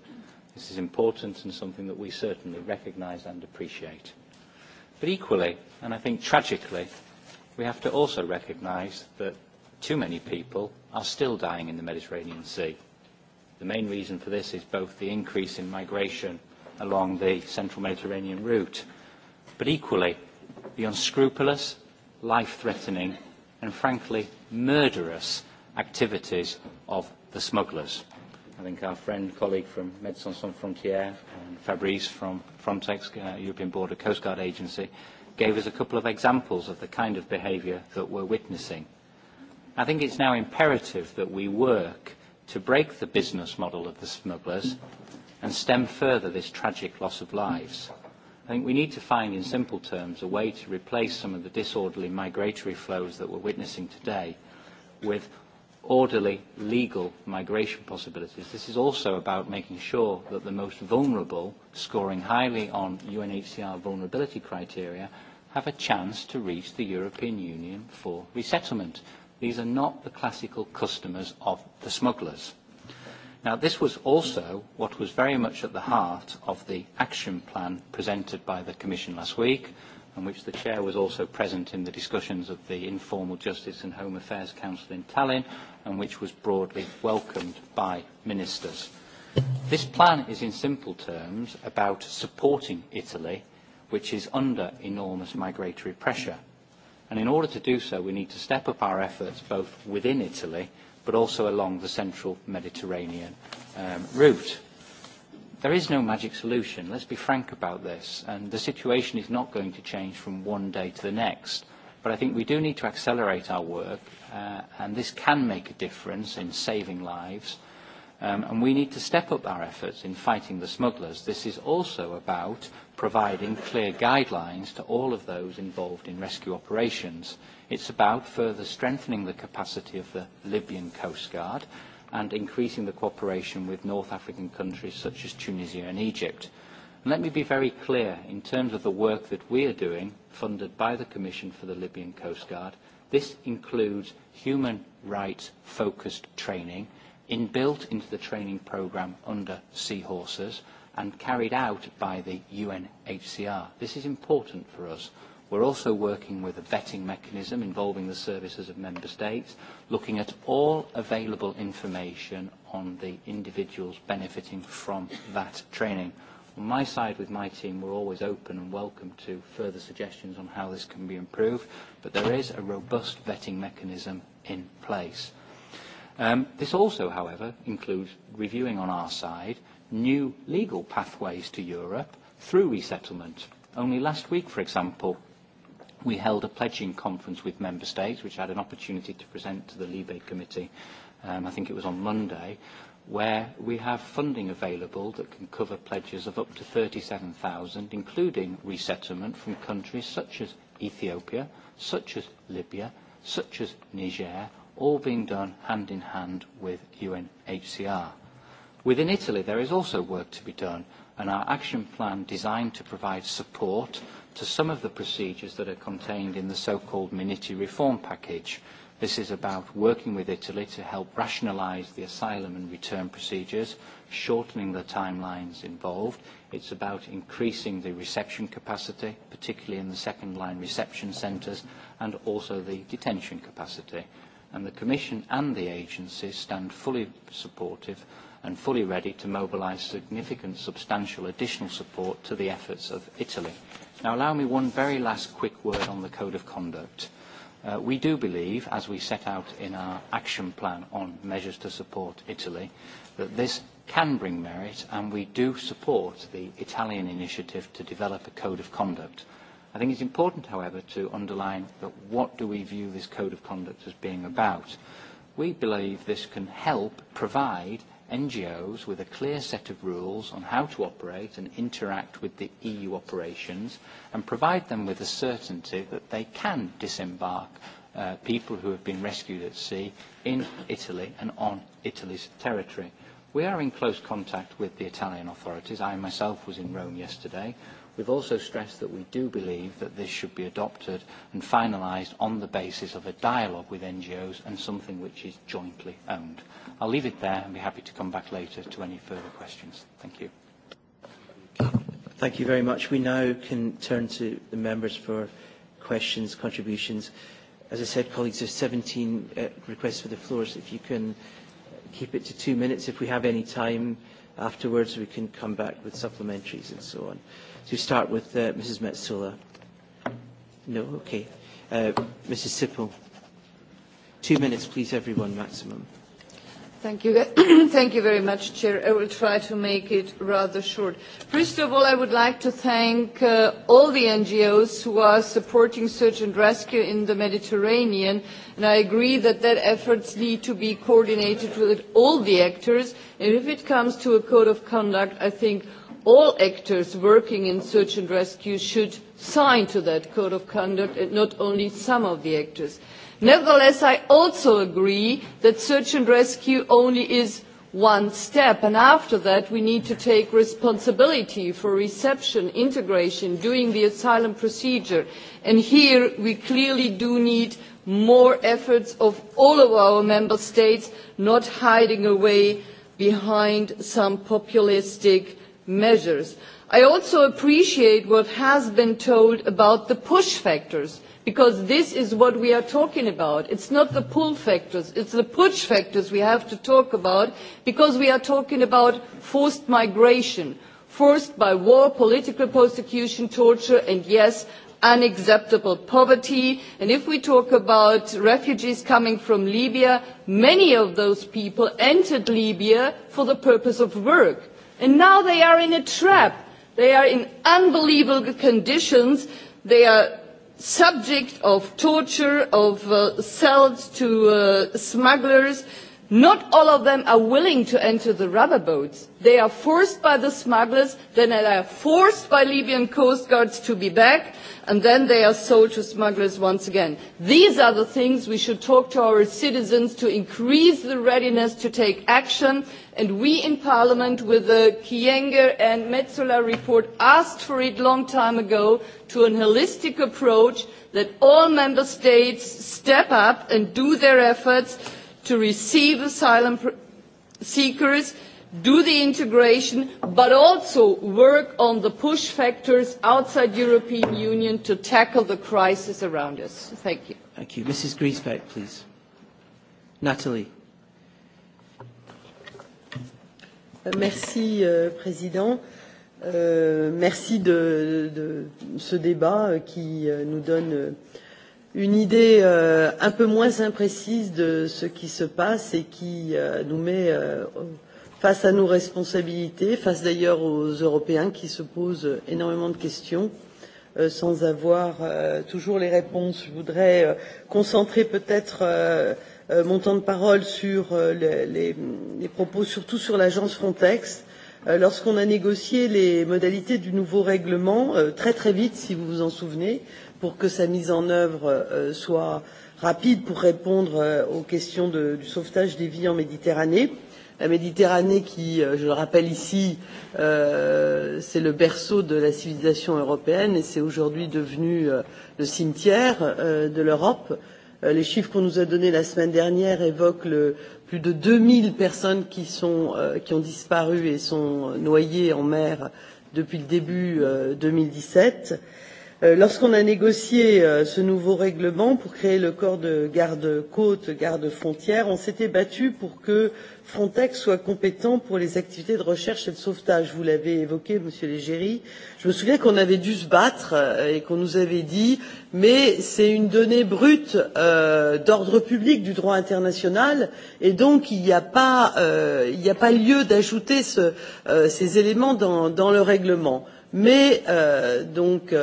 [SPEAKER 6] This is important and something that we certainly recognise and appreciate. But equally, and I think tragically, we have to also recognise that too many people are still dying in the Mediterranean Sea. The main reason for this is both the increase in migration along the central Mediterranean route, but equally the unscrupulous, life-threatening and frankly murderous activities of the smugglers. I think our friend, colleague from Médecins Sans Frontières and Fabrice from Frontex, European Border Coast Guard Agency, gave us a couple of examples of the kind of behaviour that we're witnessing. I think it's now imperative that we work to break the business model of the smugglers and stem further this tragic loss of lives. I think we need to find, in simple terms, a way to replace some of the disorderly migratory flows that we're witnessing today with orderly, legal migration possibilities. This is also about making sure that the most vulnerable, scoring highly on UNHCR vulnerability criteria, have a chance to reach the European Union for resettlement. These are not the classical customers of the smugglers. Now, this was also what was very much at the heart of the action plan presented by the Commission last week, and which the Chair was also present in the discussions of the Informal Justice and Home Affairs Council in Tallinn, and which was broadly welcomed by ministers. This plan is, in simple terms, about supporting Italy, which is under enormous migratory pressure And in order to do so, we need to step up our efforts both within Italy, but also along the central Mediterranean route. There is no magic solution. Let's be frank about this. And the situation is not going to change from one day to the next. But I think we do need to accelerate our work, and this can make a difference in saving lives and we need to step up our efforts in fighting the smugglers. This is also about providing clear guidelines to all of those involved in rescue operations. It's about further strengthening the capacity of the Libyan Coast Guard and increasing the cooperation with North African countries such as Tunisia and Egypt. Let me be very clear, in terms of the work that we are doing, funded by the Commission for the Libyan Coast Guard, this includes human rights-focused training inbuilt into the training programme under seahorses and carried out by the UNHCR. This is important for us. We're also working with a vetting mechanism involving the services of member states, looking at all available information on the individuals benefiting from that training. On my side with my team, we're always open and welcome to further suggestions on how this can be improved, but there is a robust vetting mechanism in place. This also, however, includes reviewing on our side new legal pathways to Europe through resettlement. Only last week, for example, we held a pledging conference with member states, which had an opportunity to present to the Libe Committee, I think it was on Monday, where we have funding available that can cover pledges of up to 37,000, including resettlement from countries such as Ethiopia, such as Libya, such as Niger, all being done hand in hand with UNHCR. Within Italy, there is also work to be done, and our action plan designed to provide support to some of the procedures that are contained in the so-called Miniti reform package. This is about working with Italy to help rationalise the asylum and return procedures, shortening the timelines involved. It's about increasing the reception capacity, particularly in the second-line reception centres, and also the detention capacity and the Commission and the agencies stand fully supportive and fully ready to mobilise significant, substantial additional support to the efforts of Italy. Now allow me one very last quick word on the Code of Conduct. We do believe, as we set out in our action plan on measures to support Italy, that this can bring merit and we do support the Italian initiative to develop a Code of Conduct. I think it's important, however, to underline that what do we view this code of conduct as being about. We believe this can help provide NGOs with a clear set of rules on how to operate and interact with the EU operations and provide them with the certainty that they can disembark people who have been rescued at sea in Italy and on Italy's territory. We are in close contact with the Italian authorities. I myself was in Rome yesterday We've also stressed that we do believe that this should be adopted and finalised on the basis of a dialogue with NGOs and something which is jointly owned. I'll leave it there and be happy to come back later to any further questions. Thank you.
[SPEAKER 1] Thank you very much. We now can turn to the members for questions, contributions. As I said, colleagues, there's 17 requests for the floors. if you can keep it to two minutes if we have any time Afterwards, we can come back with supplementaries and so on. So we start with Mrs. Metsola. No? Okay. Mrs. Sippel. Two minutes, please, everyone, maximum.
[SPEAKER 7] Thank you. Thank you very much, Chair. I will try to make it rather short. First of all, I would like to thank all the NGOs who are supporting search and rescue in the Mediterranean, and I agree that that efforts need to be coordinated with all the actors. And if it comes to a code of conduct, I think all actors working in search and rescue should sign to that code of conduct, and not only some of the actors. Nevertheless, I also agree that search and rescue only is one step, and after that we need to take responsibility for reception, integration, doing the asylum procedure. And here we clearly do need more efforts of all of our member states, not hiding away behind some populistic measures. I also appreciate what has been told about the push factors because this is what we are talking about. It's not the pull factors, it's the push factors we have to talk about because we are talking about forced migration, forced by war, political persecution, torture, and yes, unacceptable poverty. And if we talk about refugees coming from Libya, many of those people entered Libya for the purpose of work. And now they are in a trap. They are in unbelievable conditions. They are subject of torture, of sold to smugglers. Not all of them are willing to enter the rubber boats. They are forced by the smugglers, then they are forced by Libyan coast guards to be back, and then they are sold to smugglers once again. These are the things we should talk to our citizens to increase the readiness to take action and we in parliament with the Kienger and Metsola report asked for it a long time ago to a holistic approach that all member states step up and do their efforts to receive asylum seekers do the integration but also work on the push factors outside the European Union to tackle the crisis around us. Thank you.
[SPEAKER 1] Thank you. Mrs. Griesbeck, please. Natalie.
[SPEAKER 8] Merci, Président. Merci de ce débat qui nous donne une idée un peu moins imprécise de ce qui se passe et qui nous met face à nos responsabilités, face d'ailleurs aux Européens qui se posent énormément de questions sans avoir toujours les réponses. Je voudrais concentrer peut-être mon temps de parole sur les propos surtout sur l'agence Frontex. Lorsqu'on a négocié les modalités du nouveau règlement, très très vite, si vous vous en souvenez, pour que sa mise en œuvre soit rapide pour répondre aux questions du sauvetage des vies en Méditerranée. La Méditerranée qui, je le rappelle ici, c'est le berceau de la civilisation européenne et c'est aujourd'hui devenu le cimetière de l'Europe Les chiffres qu'on nous a donnés la semaine dernière évoquent plus de 2000 personnes qui sont qui ont disparu et sont noyées en mer depuis le début 2017. Lorsqu'on a négocié ce nouveau règlement pour créer le corps de garde côte, garde-frontières, on s'était battu pour que Frontex soit compétent pour les activités de recherche et de sauvetage. Vous l'avez évoqué, Monsieur Légéry. Je me souviens qu'on avait dû se battre et qu'on nous avait dit, mais c'est une donnée brute d'ordre public du droit international et donc il n'y a pas lieu d'ajouter ces éléments dans le règlement mais donc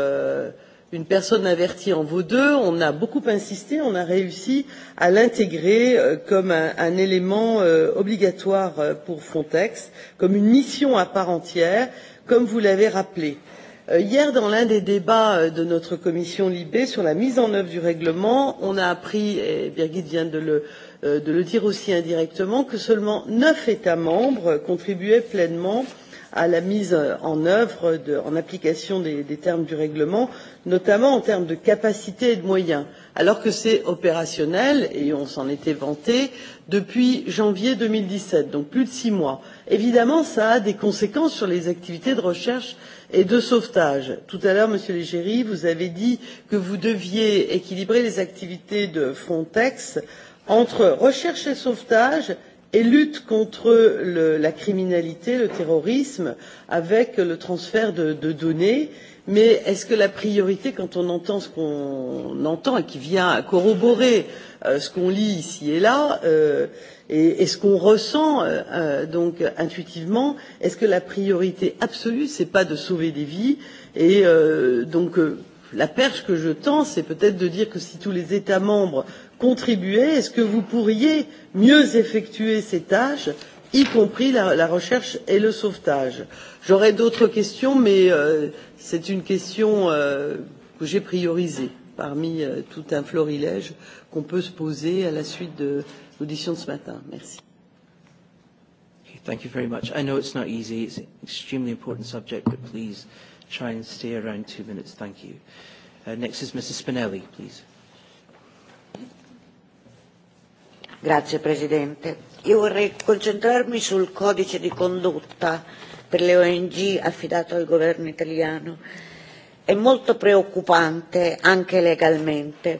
[SPEAKER 8] une personne avertie en vaut deux on a beaucoup insisté on a réussi à l'intégrer comme un élément obligatoire pour frontex comme une mission à part entière comme vous l'avez rappelé. hier dans l'un des débats de notre commission libe sur la mise en œuvre du règlement on a appris et birgit vient de le de le dire aussi indirectement que seulement neuf états membres contribuaient pleinement à la mise en œuvre, en application des termes du règlement, notamment en termes de capacité et de moyens, alors que c'est opérationnel, et on s'en était vanté, depuis janvier 2017, donc plus de six mois. Évidemment, ça a des conséquences sur les activités de recherche et de sauvetage. Tout à l'heure, Monsieur Légéry, vous avez dit que vous deviez équilibrer les activités de Frontex entre recherche et sauvetage et lutte contre la criminalité, le terrorisme, avec le transfert de données. Mais est-ce que la priorité, quand on entend ce qu'on entend et qui vient corroborer ce qu'on lit ici et là, et ce qu'on ressent donc intuitivement, est-ce que la priorité absolue, c'est pas de sauver des vies Et donc la perche que je tends, c'est peut-être de dire que si tous les États membres contribuer Est ce que vous pourriez mieux effectuer ces tâches, y compris la recherche et le sauvetage? J'aurais d'autres questions, mais c'est une question que j'ai priorisée parmi tout un florilège qu'on peut se poser à la suite de l'audition de ce matin. Merci.
[SPEAKER 1] Thank you very much. I know it's not easy. It's an extremely important subject, but please try and stay around two minutes. Thank you. Next is Mrs. Spinelli, please. Grazie
[SPEAKER 9] Presidente. Io vorrei concentrarmi sul codice di condotta per le ONG affidato al governo italiano. È molto preoccupante anche legalmente.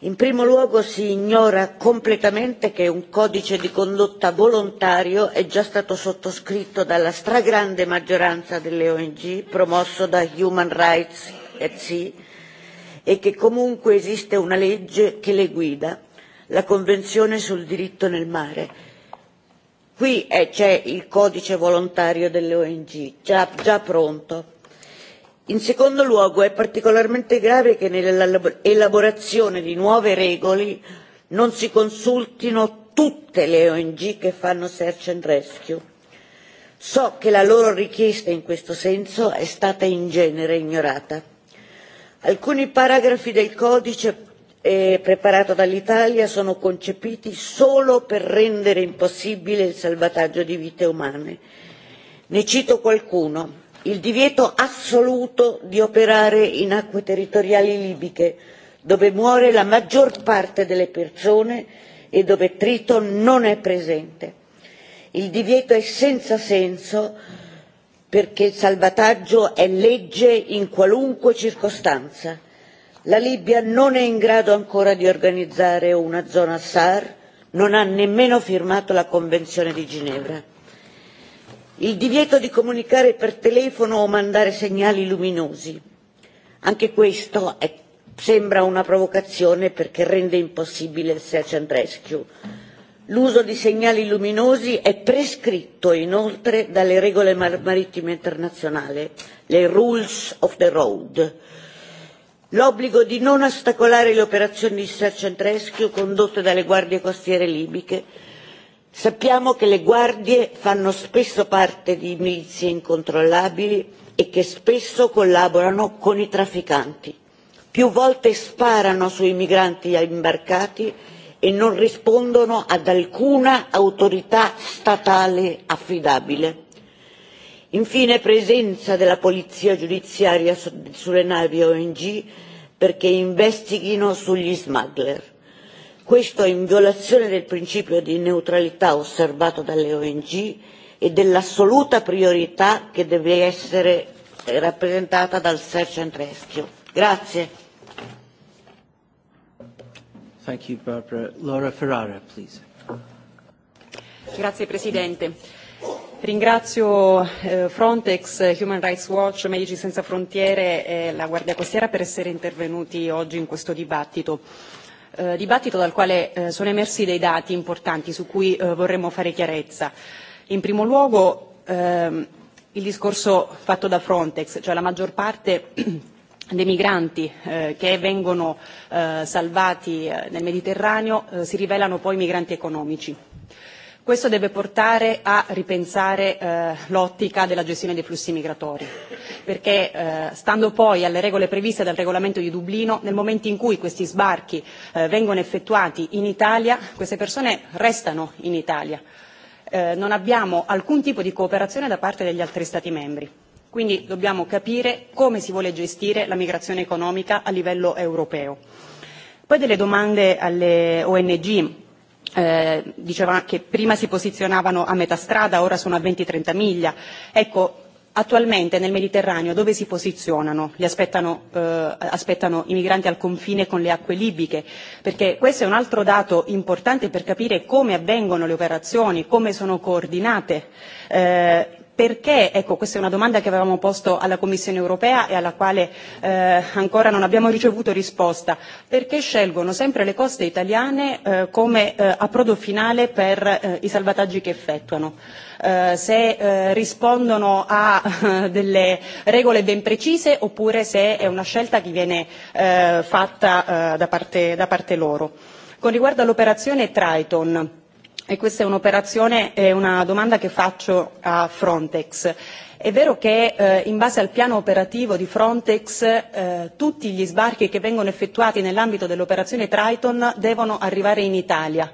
[SPEAKER 9] In primo luogo si ignora completamente che un codice di condotta volontario è già stato sottoscritto dalla stragrande maggioranza delle ONG, promosso da Human Rights at e che comunque esiste una legge che le guida la Convenzione sul diritto nel mare. Qui c'è il codice volontario delle ONG, già pronto. In secondo luogo è particolarmente grave che nell'elaborazione di nuove regole non si consultino tutte le ONG che fanno search and rescue. So che la loro richiesta in questo senso è stata in genere ignorata. Alcuni paragrafi del codice preparato dall'Italia sono concepiti solo per rendere impossibile il salvataggio di vite umane. Ne cito qualcuno il divieto assoluto di operare in acque territoriali libiche, dove muore la maggior parte delle persone e dove Triton non è presente. Il divieto è senza senso perché il salvataggio è legge in qualunque circostanza la libia non è in grado ancora di organizzare una zona sar non ha nemmeno firmato la convenzione di ginevra. il divieto di comunicare per telefono o mandare segnali luminosi anche questo sembra una provocazione perché rende impossibile il search and rescue. l'uso di segnali luminosi è prescritto inoltre dalle regole marittime internazionali le rules of the road l'obbligo di non ostacolare le operazioni di search and rescue condotte dalle guardie costiere libiche sappiamo che le guardie fanno spesso parte di milizie incontrollabili e che spesso collaborano con i trafficanti più volte sparano sui migranti imbarcati e non rispondono ad alcuna autorità statale affidabile infine presenza della polizia giudiziaria sulle navi ong perché investighino sugli smuggler questo in violazione del principio di neutralità osservato dalle ong e dell'assoluta priorità che deve essere rappresentata dal search and rescue. Grazie.
[SPEAKER 1] Thank you,
[SPEAKER 10] Ringrazio Frontex, Human Rights Watch, Medici Senza Frontiere e la Guardia Costiera per essere intervenuti oggi in questo dibattito. Dibattito dal quale sono emersi dei dati importanti su cui vorremmo fare chiarezza. In primo luogo il discorso fatto da Frontex, cioè la maggior parte dei migranti che vengono salvati nel Mediterraneo si rivelano poi migranti economici Questo deve portare a ripensare l'ottica della gestione dei flussi migratori, perché stando poi alle regole previste dal regolamento di Dublino, nel momento in cui questi sbarchi vengono effettuati in Italia, queste persone restano in Italia. Non abbiamo alcun tipo di cooperazione da parte degli altri Stati membri. Quindi dobbiamo capire come si vuole gestire la migrazione economica a livello europeo. Poi delle domande alle ONG diceva che prima si posizionavano a metà strada, ora sono a 20-30 miglia. Ecco, attualmente nel Mediterraneo dove si posizionano? Li aspettano i migranti al confine con le acque libiche? Perché questo è un altro dato importante per capire come avvengono le operazioni, come sono coordinate perché ecco questa è una domanda che avevamo posto alla Commissione europea e alla quale ancora non abbiamo ricevuto risposta perché scelgono sempre le coste italiane come approdo finale per i salvataggi che effettuano se rispondono a delle regole ben precise oppure se è una scelta che viene fatta da parte da parte loro con riguardo all'operazione Triton e questa è un'operazione è una domanda che faccio a Frontex. È vero che in base al piano operativo di Frontex tutti gli sbarchi che vengono effettuati nell'ambito dell'operazione Triton devono arrivare in Italia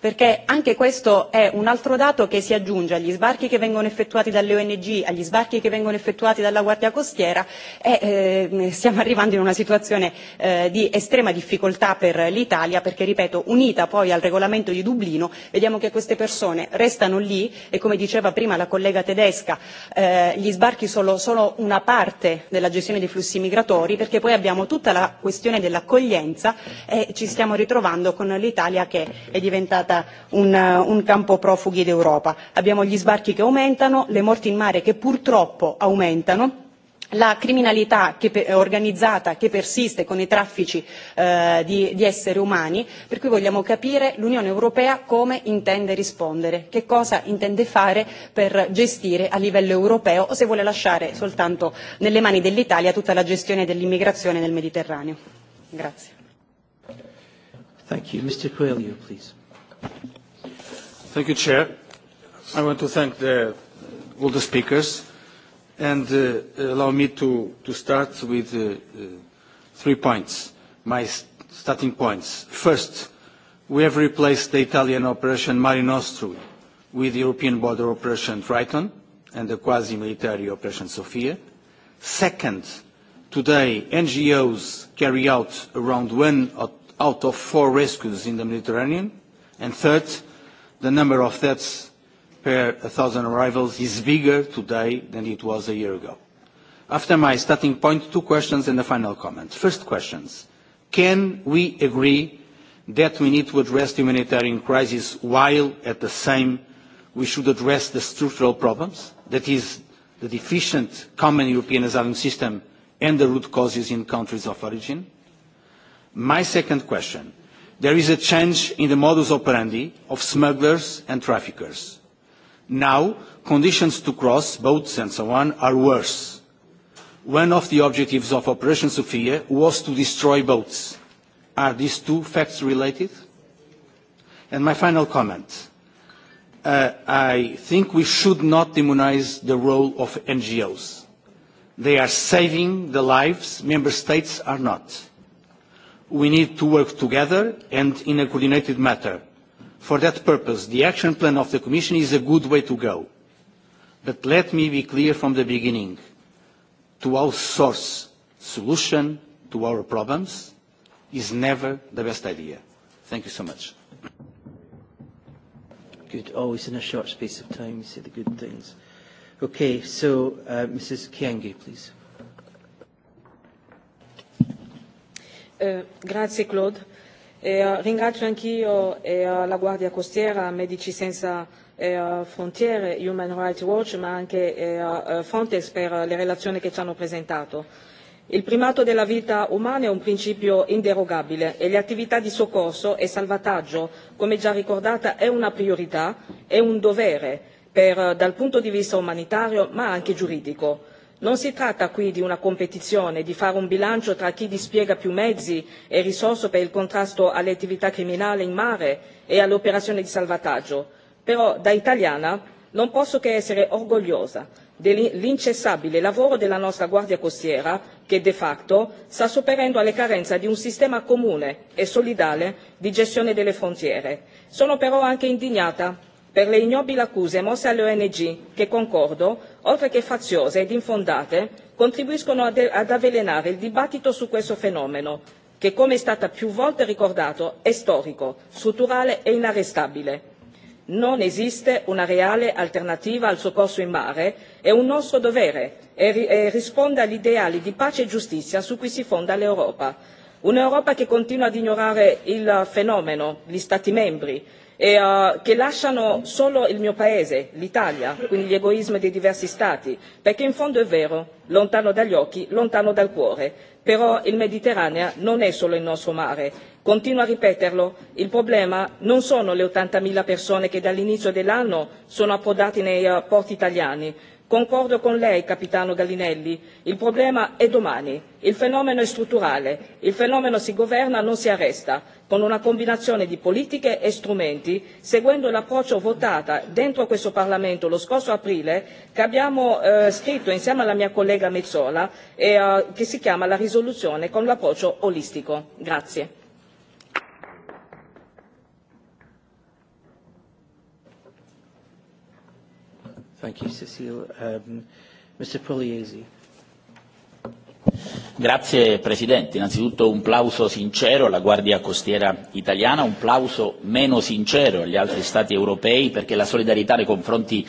[SPEAKER 10] perché anche questo è un altro dato che si aggiunge agli sbarchi che vengono effettuati dalle ONG, agli sbarchi che vengono effettuati dalla Guardia Costiera e stiamo arrivando in una situazione di estrema difficoltà per l'Italia perché, ripeto, unita poi al regolamento di Dublino, vediamo che queste persone restano lì e, come diceva prima la collega tedesca, gli sbarchi sono solo una parte della gestione dei flussi migratori perché poi abbiamo tutta la questione dell'accoglienza e ci stiamo ritrovando con l'Italia che è diventata diventata un campo profughi d'Europa. Abbiamo gli sbarchi che aumentano, le morti in mare che purtroppo aumentano la criminalità organizzata che persiste con i traffici di esseri umani per cui vogliamo capire l'unione europea come intende rispondere che cosa intende fare per gestire a livello europeo o se vuole lasciare soltanto nelle mani dell'italia tutta la gestione dell'immigrazione nel mediterraneo.
[SPEAKER 11] Thank you, Chair. I want to thank the, all the speakers and allow me to, to start with three points, my starting points. First, we have replaced the Italian operation Mari Nostru with the European border operation Triton and the quasi-military operation SOFIA. Second, today NGOs carry out around one out of four rescues in the Mediterranean And third, the number of deaths per 1,000 arrivals is bigger today than it was a year ago. After my starting point, two questions and a final comment. First question Can we agree that we need to address the humanitarian crisis while at the same we should address the structural problems, that is, the deficient common European asylum system and the root causes in countries of origin? My second question There is a change in the modus operandi of smugglers and traffickers. Now, conditions to cross boats and so on are worse. One of the objectives of Operation Sophia was to destroy boats. Are these two facts related? And my final comment. I think we should not demonize the role of NGOs. They are saving the lives, member states are not we need to work together and in a coordinated manner. For that purpose, the action plan of the Commission is a good way to go. But let me be clear from the beginning. To outsource solution to our problems
[SPEAKER 1] is never the best idea. Thank you so much. Good. Always in a short space of time, you say the good things. Okay, so Mrs. Kiangi, please.
[SPEAKER 12] Grazie Claude. Ringrazio anch'io la Guardia Costiera, Medici Senza Frontiere, Human Rights Watch, ma anche Frontex per le relazioni che ci hanno presentato. Il primato della vita umana è un principio inderogabile e le attività di soccorso e salvataggio, come già ricordata, è una priorità, è un dovere dal punto di vista umanitario ma anche giuridico Non si tratta qui di una competizione, di fare un bilancio tra chi dispiega più mezzi e risorse per il contrasto alle attività criminali in mare e alle operazioni di salvataggio, però da italiana non posso che essere orgogliosa dell'incessabile lavoro della nostra Guardia Costiera che de facto sta superando le carenze di un sistema comune e solidale di gestione delle frontiere. Sono però anche indignata per le ignobili accuse mosse alle ONG che concordo, oltre che faziose ed infondate, contribuiscono ad avvelenare il dibattito su questo fenomeno, che come è stato più volte ricordato è storico, strutturale e inarrestabile. Non esiste una reale alternativa al soccorso in mare, è un nostro dovere e risponde agli ideali di pace e giustizia su cui si fonda l'Europa. Un'Europa che continua ad ignorare il fenomeno, gli Stati membri, che lasciano solo il mio paese, l'Italia, quindi gli egoismi dei diversi Stati, perché in fondo è vero, lontano dagli occhi, lontano dal cuore, però il Mediterraneo non è solo il nostro mare. Continuo a ripeterlo, il problema non sono le 80.000 persone che dall'inizio dell'anno sono approdate nei porti italiani. Concordo con lei, capitano Gallinelli, il problema è domani. Il fenomeno è strutturale, il fenomeno si governa, non si arresta con una combinazione di politiche e strumenti seguendo l'approccio votato dentro questo Parlamento lo scorso aprile che abbiamo scritto insieme alla mia collega Mezzola e che si chiama la risoluzione con l'approccio olistico. Grazie.
[SPEAKER 13] Grazie Presidente, innanzitutto un plauso sincero alla Guardia Costiera italiana, un plauso meno sincero agli altri Stati europei perché la solidarietà nei confronti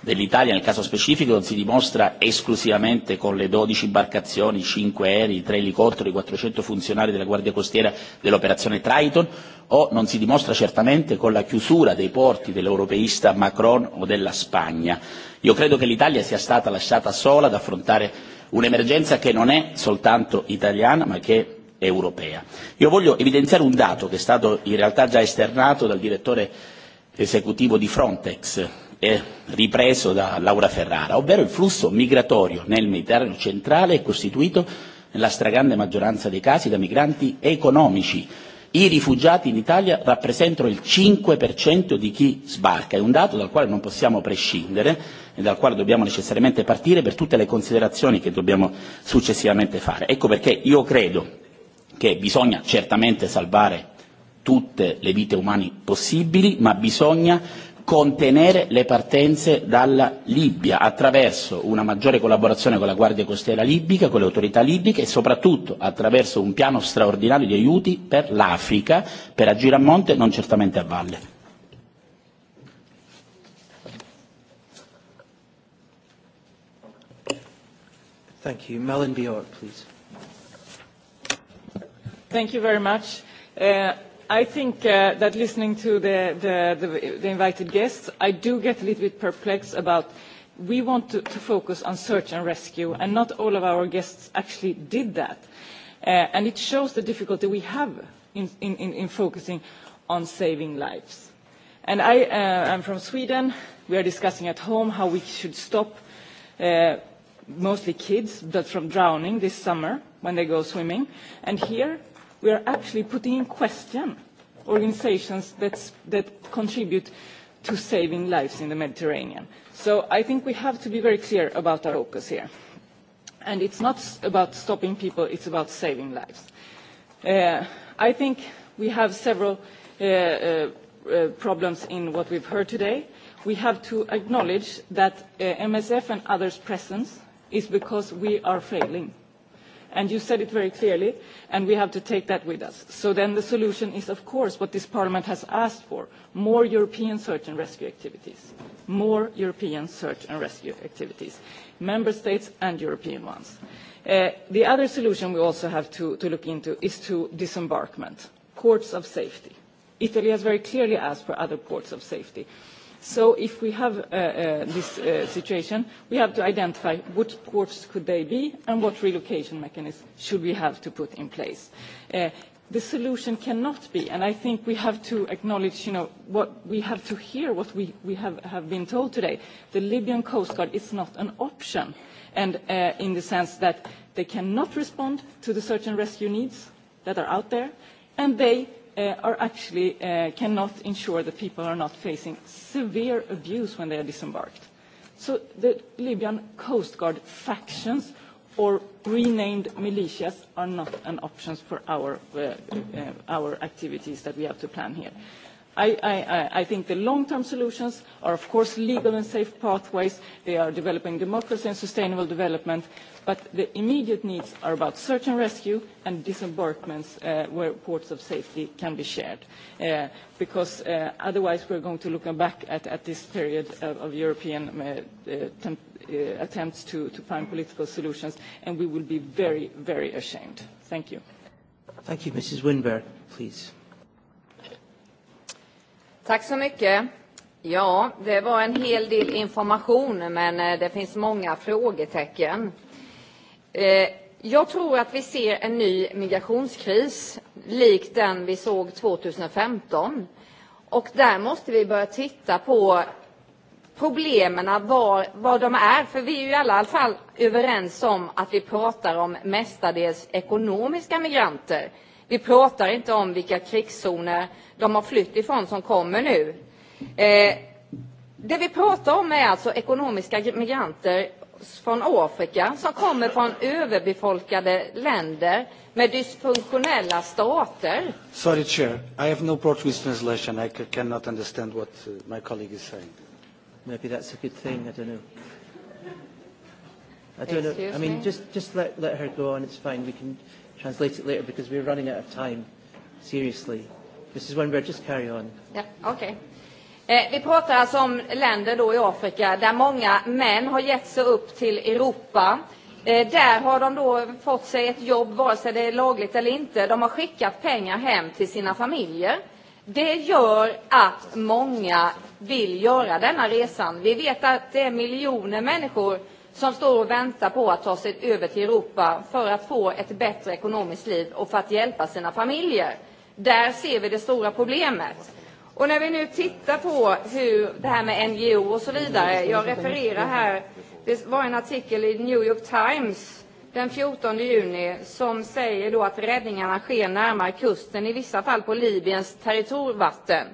[SPEAKER 13] dell'Italia nel caso specifico non si dimostra esclusivamente con le 12 imbarcazioni, 5 aerei, 3 elicotteri, 400 funzionari della Guardia Costiera dell'operazione Triton o non si dimostra certamente con la chiusura dei porti dell'europeista Macron o della Spagna. Io credo che l'Italia sia stata lasciata sola ad affrontare un'emergenza che non è soltanto italiana ma che è europea. Io voglio evidenziare un dato che è stato in realtà già esternato dal direttore esecutivo di Frontex e ripreso da Laura Ferrara, ovvero il flusso migratorio nel Mediterraneo centrale è costituito nella stragrande maggioranza dei casi da migranti economici I rifugiati in Italia rappresentano il 5% di chi sbarca, è un dato dal quale non possiamo prescindere e dal quale dobbiamo necessariamente partire per tutte le considerazioni che dobbiamo successivamente fare. Ecco perché io credo che bisogna certamente salvare tutte le vite umane possibili, ma bisogna contenere le partenze dalla Libia attraverso una maggiore collaborazione con la Guardia Costiera libica, con le autorità libiche e soprattutto attraverso un piano straordinario di aiuti per l'Africa, per agire a monte, non certamente a valle.
[SPEAKER 1] Thank you. Melin Bjork, please.
[SPEAKER 14] Thank you very much. I think that listening to the invited guests, I do get a little bit perplexed about we want to focus on search and rescue, and not all of our guests actually did that. And it shows the difficulty we have in focusing on saving lives. And I am from Sweden. We are discussing at home how we should stop mostly kids, but from drowning this summer when they go swimming. And here we are actually putting in question organisations that contribute to saving lives in the Mediterranean. So I think we have to be very clear about our focus here. And it's not about stopping people, it's about saving lives. I think we have several problems in what we've heard today. We have to acknowledge that MSF and others' presence is because we are failing and you said it very clearly and we have to take that with us. so then the solution is of course what this parliament has asked for more european search and rescue activities more european search and rescue activities member states and european ones. the other solution we also have to look into is to disembarkment ports of safety. italy has very clearly asked for other ports of safety So if we have this situation, we have to identify what ports could they be and what relocation mechanism should we have to put in place. The solution cannot be, and I think we have to acknowledge, you know, what we have to hear what we have been told today. The Libyan Coast Guard is not an option, in the sense that they cannot respond to the search and rescue needs that are out there, and they are actually cannot ensure that people are not facing severe abuse when they are disembarked. So the Libyan Coast Guard factions or renamed militias are not an option for our activities that we have to plan here. I think the long-term solutions are, of course, legal and safe pathways. They are developing democracy and sustainable development. But the immediate needs are about search and rescue and disembarkments where ports of safety can be shared. Because otherwise we are going to look back at this period of European attempts to find political solutions, and we will be very, very ashamed. Thank you.
[SPEAKER 1] Thank you. Mrs. Winberg, please.
[SPEAKER 14] Tack så mycket.
[SPEAKER 15] Ja, det var en hel del information, men det finns många frågetecken. Jag tror att vi ser en ny migrationskris, lik den vi såg 2015. Och där måste vi börja titta på problemen, vad de är. För vi är ju i alla fall överens om att vi pratar om mestadels ekonomiska migranter. Vi pratar inte om vilka krigszoner de har flytt ifrån som kommer nu. Det vi pratar om är alltså ekonomiska migranter från Afrika som kommer från överbefolkade länder med dysfunktionella stater.
[SPEAKER 11] Sorry, Chair. I have no Portuguese translation. I cannot understand what
[SPEAKER 1] my colleague is saying. Maybe that's a good thing. I don't know. I don't know. I mean, just, just let, let her go on. It's fine. We can translate it later because we're running out of time. Seriously. Mrs. we're just carry on.
[SPEAKER 15] Yeah, okay. Vi pratar alltså om länder då i Afrika där många män har gett sig upp till Europa. Där har de då fått sig ett jobb, vare sig det är lagligt eller inte. De har skickat pengar hem till sina familjer. Det gör att många vill göra denna resan. Vi vet att det är miljoner människor som står och väntar på att ta sig över till Europa för att få ett bättre ekonomiskt liv och för att hjälpa sina familjer. Där ser vi det stora problemet. Och när vi nu tittar på hur det här med NGO och så vidare. Jag refererar här, det var en artikel i New York Times den 14 juni som säger då att räddningarna sker närmare kusten, i vissa fall på Libyens territorvatten.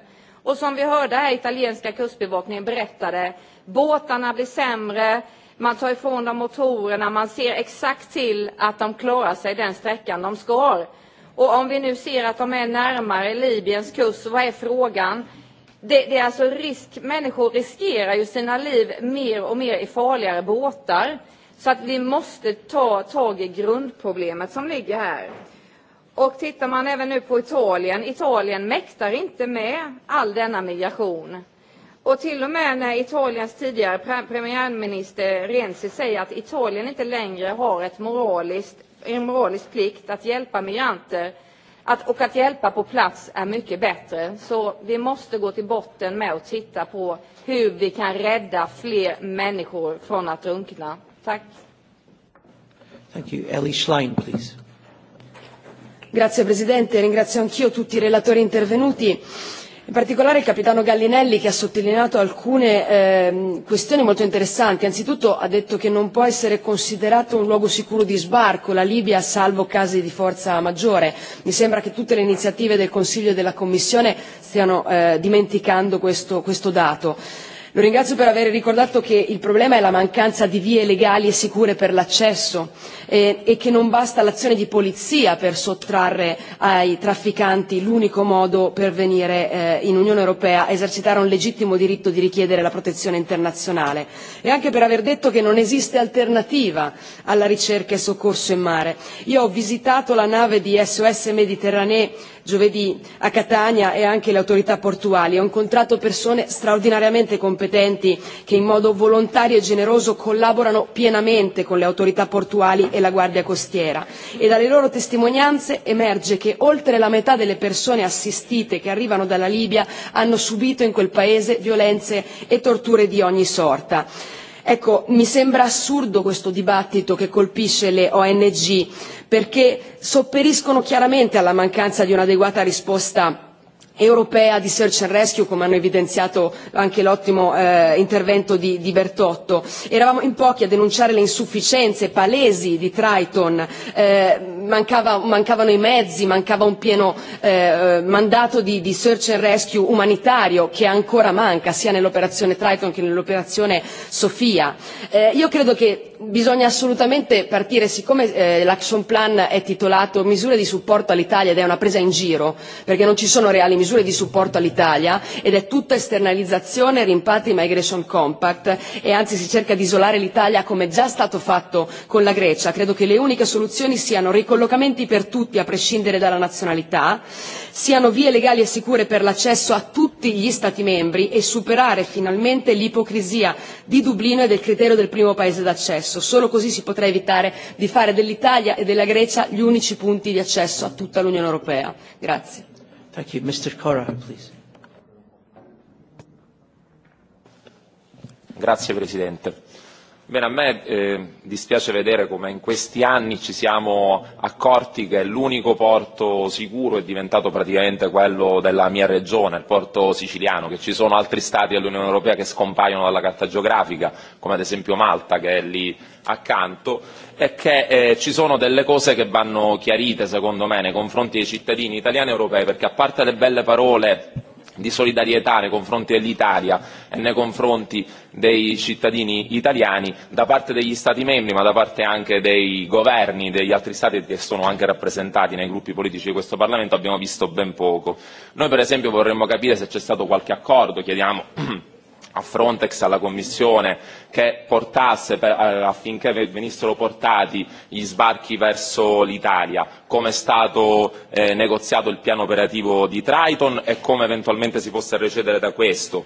[SPEAKER 15] Och som vi hörde här, italienska kustbevakningen berättade, båtarna blir sämre, Man tar ifrån dem motorerna, man ser exakt till att de klarar sig den sträckan de ska. Och om vi nu ser att de är närmare Libyens kust, så vad är frågan? Det, det är alltså risk, människor riskerar ju sina liv mer och mer i farligare båtar. Så att vi måste ta tag i grundproblemet som ligger här. Och tittar man även nu på Italien, Italien mäktar inte med all denna migration. Och till och med när Italiens tidigare premiärminister Renzi säger att Italien inte längre har ett moraliskt, en moralisk plikt att hjälpa migranter att, och att hjälpa på plats är mycket bättre. Så vi måste gå till botten med att titta på hur vi kan rädda fler människor från att drunkna. Tack.
[SPEAKER 1] Thank you. Ellie Schlein, please.
[SPEAKER 16] Grazie Presidente, ringrazio anch'io tutti i relatori intervenuti In particolare il capitano Gallinelli che ha sottolineato alcune questioni molto interessanti. Anzitutto ha detto che non può essere considerato un luogo sicuro di sbarco la Libia salvo casi di forza maggiore. Mi sembra che tutte le iniziative del Consiglio e della Commissione stiano dimenticando questo dato. Lo ringrazio per aver ricordato che il problema è la mancanza di vie legali e sicure per l'accesso e che non basta l'azione di polizia per sottrarre ai trafficanti l'unico modo per venire in Unione Europea a esercitare un legittimo diritto di richiedere la protezione internazionale e anche per aver detto che non esiste alternativa alla ricerca e soccorso in mare. Io ho visitato la nave di SOS Mediterranee giovedì a Catania e anche le autorità portuali. Ho incontrato persone straordinariamente competenti che in modo volontario e generoso collaborano pienamente con le autorità portuali e la Guardia Costiera e dalle loro testimonianze emerge che oltre la metà delle persone assistite che arrivano dalla Libia hanno subito in quel paese violenze e torture di ogni sorta Ecco, mi sembra assurdo questo dibattito che colpisce le ONG perché sopperiscono chiaramente alla mancanza di un'adeguata risposta europea di search and rescue come hanno evidenziato anche l'ottimo intervento di Bertotto. Eravamo in pochi a denunciare le insufficienze palesi di Triton, mancavano i mezzi, mancava un pieno mandato di search and rescue umanitario che ancora manca sia nell'operazione Triton che nell'operazione Sofia. credo bisogna assolutamente partire siccome l'action plan è titolato misure di supporto all'italia ed è una presa in giro perché non ci sono reali misure di supporto all'italia ed è tutta esternalizzazione rimpatri migration compact e anzi si cerca di isolare l'italia come è già stato fatto con la grecia credo che le uniche soluzioni siano ricollocamenti per tutti a prescindere dalla nazionalità siano vie legali e sicure per l'accesso a tutti gli Stati membri e superare finalmente l'ipocrisia di Dublino e del criterio del primo paese d'accesso. Solo così si potrà evitare di fare dell'Italia e della Grecia gli unici punti di accesso a tutta l'Unione
[SPEAKER 1] Europea. Grazie. Thank you. Mr.
[SPEAKER 17] Bene, a me dispiace vedere come in questi anni ci siamo accorti che l'unico porto sicuro è diventato praticamente quello della mia regione, il porto siciliano, che ci sono altri stati dell'Unione Europea che scompaiono dalla carta geografica, come ad esempio Malta che è lì accanto, e che ci sono delle cose che vanno chiarite secondo me nei confronti dei cittadini italiani e europei, perché a parte le belle parole di solidarietà nei confronti dell'Italia e nei confronti dei cittadini italiani da parte degli Stati membri ma da parte anche dei governi degli altri Stati che sono anche rappresentati nei gruppi politici di questo Parlamento abbiamo visto ben poco. Noi per esempio vorremmo capire se c'è stato qualche accordo, chiediamo a Frontex, alla Commissione, che portasse affinché venissero portati gli sbarchi verso l'Italia, come è stato negoziato il piano operativo di Triton e come eventualmente si possa recedere da questo.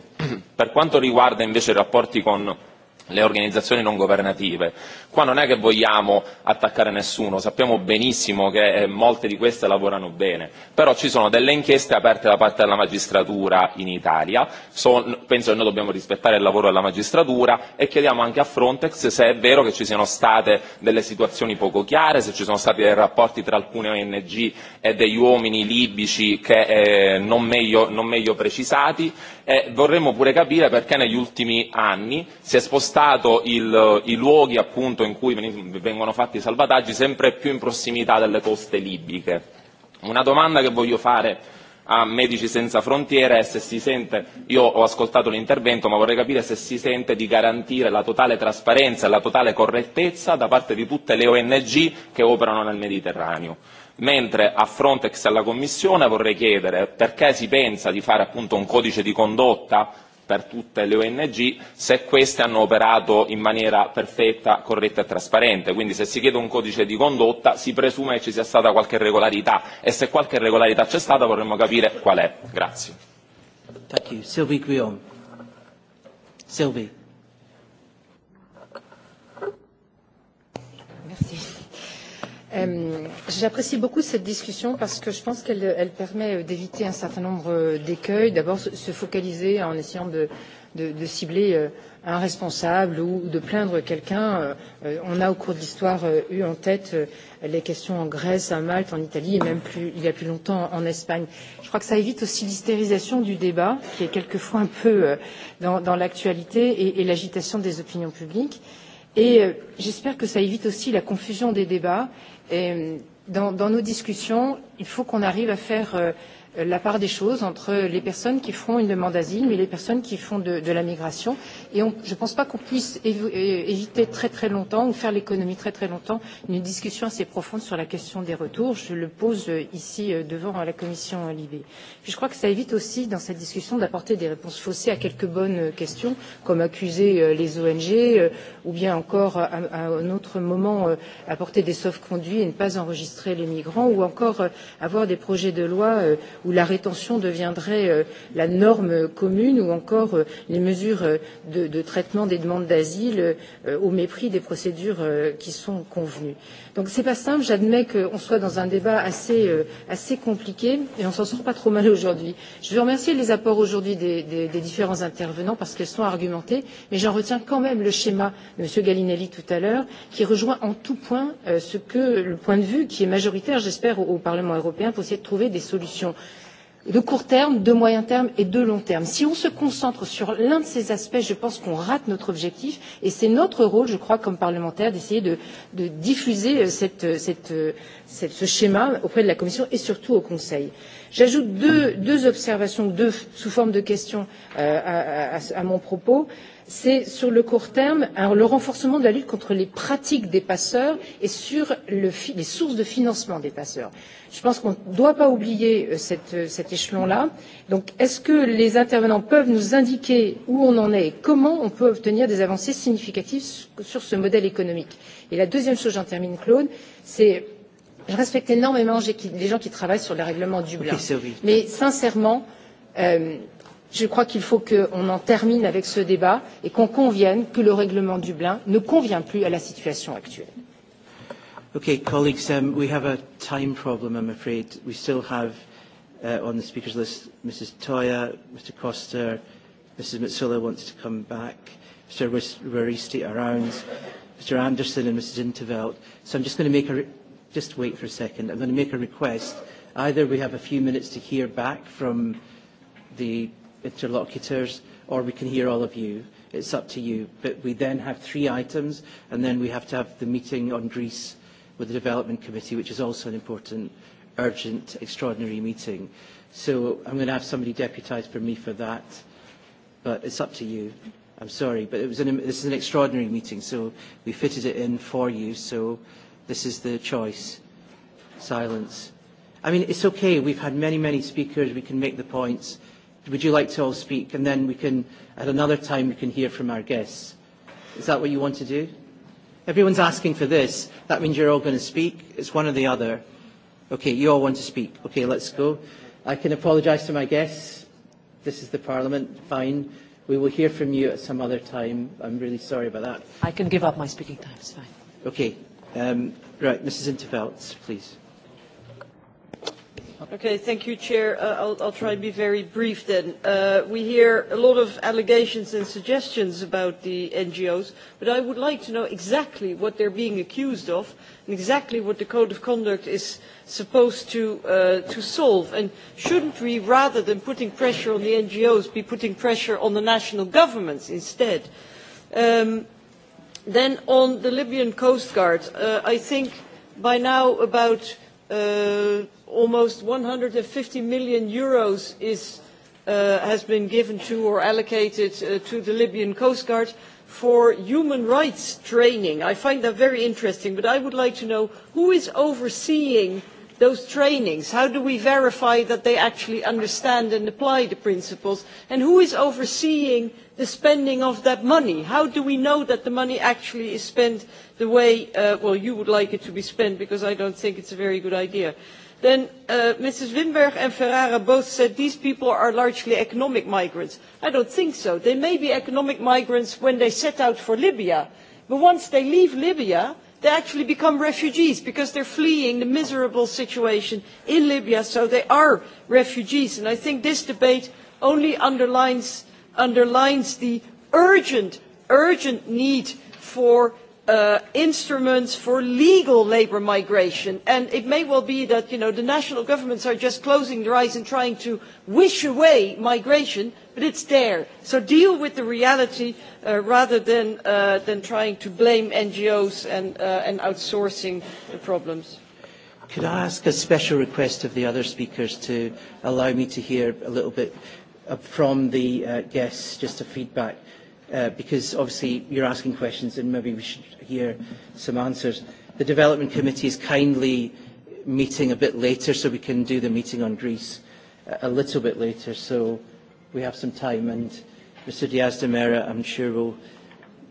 [SPEAKER 17] Per quanto riguarda invece i rapporti con le organizzazioni non governative. Qua non è che vogliamo attaccare nessuno, sappiamo benissimo che molte di queste lavorano bene, però ci sono delle inchieste aperte da parte della magistratura in Italia, penso che noi dobbiamo rispettare il lavoro della magistratura e chiediamo anche a Frontex se è vero che ci siano state delle situazioni poco chiare, se ci sono stati dei rapporti tra alcune ONG e degli uomini libici che non meglio precisati vorremmo pure capire perché negli ultimi anni si è spostato i luoghi appunto in cui vengono fatti i salvataggi sempre più in prossimità delle coste libiche. Una domanda che voglio fare a Medici Senza Frontiere è se si sente, io ho ascoltato l'intervento, ma vorrei capire se si sente di garantire la totale trasparenza e la totale correttezza da parte di tutte le ONG che operano nel Mediterraneo mentre a Frontex e alla Commissione vorrei chiedere perché si pensa di fare appunto un codice di condotta per tutte le ONG se queste hanno operato in maniera perfetta, corretta e trasparente. Quindi se si chiede un codice di condotta si presume che ci sia stata qualche irregolarità e se qualche irregolarità c'è stata vorremmo capire qual è. Grazie.
[SPEAKER 18] J'apprécie beaucoup cette discussion parce que je pense qu'elle permet d'éviter un certain nombre d'écueils. D'abord, se focaliser en essayant de de cibler un responsable ou de plaindre quelqu'un. On a au cours de l'histoire eu en tête les questions en Grèce, à Malte, en Italie et même plus, il y a plus longtemps en Espagne. Je crois que ça évite aussi l'hystérisation du débat, qui est quelquefois un peu dans l'actualité, et l'agitation des opinions publiques. Et j'espère que ça évite aussi la confusion des débats et dans nos discussions, il faut qu'on arrive à faire la part des choses entre les personnes qui font une demande d'asile et les personnes qui font de la migration. Et je ne pense pas qu'on puisse éviter très très longtemps ou faire l'économie très très longtemps une discussion assez profonde sur la question des retours. Je le pose ici devant la commission Libé. Je crois que ça évite aussi dans cette discussion d'apporter des réponses faussées à quelques bonnes questions, comme accuser les ONG ou bien encore à un autre moment apporter des sauf-conduits et ne pas enregistrer les migrants ou encore avoir des projets de loi où la rétention deviendrait la norme commune ou encore les mesures de traitement des demandes d'asile au mépris des procédures qui sont convenues. Donc c'est pas simple, j'admets qu'on soit dans un débat assez assez compliqué et on s'en sort pas trop mal aujourd'hui. Je veux remercier les apports aujourd'hui des des des différents intervenants parce qu'elles sont argumentées, mais j'en retiens quand même le schéma de M. Gallinelli tout à l'heure qui rejoint en tout point ce que le point de vue qui est majoritaire, j'espère, au Parlement européen pour essayer de trouver des solutions de court terme, de moyen terme et de long terme. Si on se concentre sur l'un de ces aspects, je pense qu'on rate notre objectif et c'est notre rôle, je crois, comme parlementaire, d'essayer de diffuser ce schéma auprès de la Commission et surtout au Conseil. J'ajoute deux observations deux sous forme de questions à mon propos c'est sur le court terme le renforcement de la lutte contre les pratiques des passeurs et sur les sources de financement des passeurs. Je pense qu'on ne doit pas oublier cet échelon-là. Donc, est-ce que les intervenants peuvent nous indiquer où on en est et comment on peut obtenir des avancées significatives sur ce modèle économique Et la deuxième chose, j'en termine, Claude, c'est je respecte énormément les gens qui travaillent sur le règlement Dublin. Mais sincèrement, je crois qu'il faut qu'on en termine avec ce débat et qu'on convienne que le règlement Dublin ne convient plus à la situation actuelle.
[SPEAKER 1] Okay, colleagues, um, we have a time problem, I'm afraid. We still have on the speakers list Mrs. Toya, Mr. Coster, Mrs. Mitsula wants to come back, Mr. Raristi around, Mr. Anderson and Mrs. Intervelt. So I'm just going to make a, re just wait for a second. I'm going to make a request. Either we have a few minutes to hear back from the interlocutors, or we can hear all of you. It's up to you. But we then have three items, and then we have to have the meeting on Greece with the Development Committee, which is also an important, urgent, extraordinary meeting. So I'm going to have somebody deputised for me for that, but it's up to you. I'm sorry, but it was an, this is an extraordinary meeting, so we fitted it in for you, so this is the choice. Silence. I mean, it's okay. We've had many, many speakers. We can make the points. Would you like to all speak? And then we can, at another time, we can hear from our guests. Is that what you want to do? Everyone's asking for this. That means you're all going to speak. It's one or the other. Okay, you all want to speak. Okay, let's go. I can apologise to my guests. This is the Parliament. Fine. We will hear from you at some other time. I'm really sorry about that. I can give up my speaking time. It's fine. Okay. Um, right, Mrs. Intervelt, please.
[SPEAKER 19] Okay, thank you, Chair. I'll try to be very brief then. We hear a lot of allegations and suggestions about the NGOs, but I would like to know exactly what they're being accused of and exactly what the Code of Conduct is supposed to solve. And shouldn't we, rather than putting pressure on the NGOs, be putting pressure on the national governments instead? Then on the Libyan Coast Guard, I think by now about almost 150 million euros has been given to or allocated to the Libyan Coast Guard for human rights training. I find that very interesting, but I would like to know who is overseeing those trainings how do we verify that they actually understand and apply the principles and who is overseeing the spending of that money how do we know that the money actually is spent the way well you would like it to be spent because i don't think it's a very good idea then mrs Winberg and ferrara both said these people are largely economic migrants i don't think so they may be economic migrants when they set out for libya but once they leave libya they actually become refugees because they're fleeing the miserable situation in Libya, so they are refugees. And I think this debate only underlines the urgent, urgent need for instruments for legal labour migration. And it may well be that the national governments are just closing their eyes and trying to wish away migration but it's there. So deal with the reality rather than trying to blame NGOs and outsourcing the problems.
[SPEAKER 1] Could I ask a special request of the other speakers to allow me to hear a little bit from the guests, just a feedback, because obviously you're asking questions and maybe we should hear some answers. The Development Committee is kindly meeting a bit later so we can do the meeting on Greece a little bit later. So we have some time, and Mr. Diaz de Mera, I'm sure, will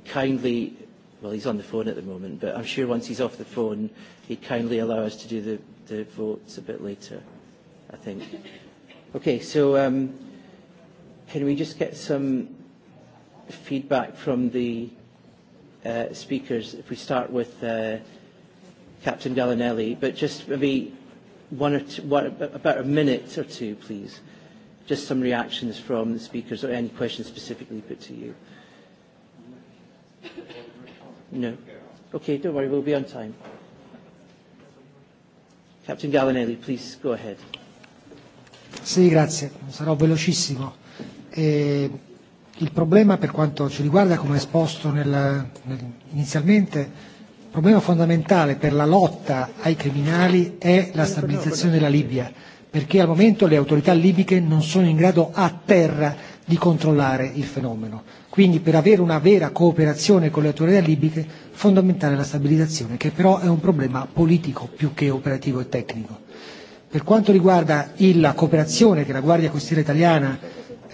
[SPEAKER 1] kindly, well, he's on the phone at the moment, but I'm sure once he's off the phone, he'd kindly allow us to do the, the votes a bit later, I think. Okay, so um, can we just get some feedback from the uh, speakers if we start with uh, Captain Gallinelli, but just maybe one or two, about a minute or two, please just some reactions from the speakers or any questions specifically put to you. No. Okay, don't worry, we'll be on time. Captain Gallinelli, please go ahead.
[SPEAKER 2] Sì, grazie. Sarò velocissimo. E il problema per quanto ci riguarda, come esposto nel, inizialmente, il problema fondamentale per la lotta ai criminali è la stabilizzazione della Libia perché al momento le autorità libiche non sono in grado a terra di controllare il fenomeno. Quindi per avere una vera cooperazione con le autorità libiche è fondamentale la stabilizzazione, che però è un problema politico più che operativo e tecnico. Per quanto riguarda la cooperazione che la Guardia Costiera italiana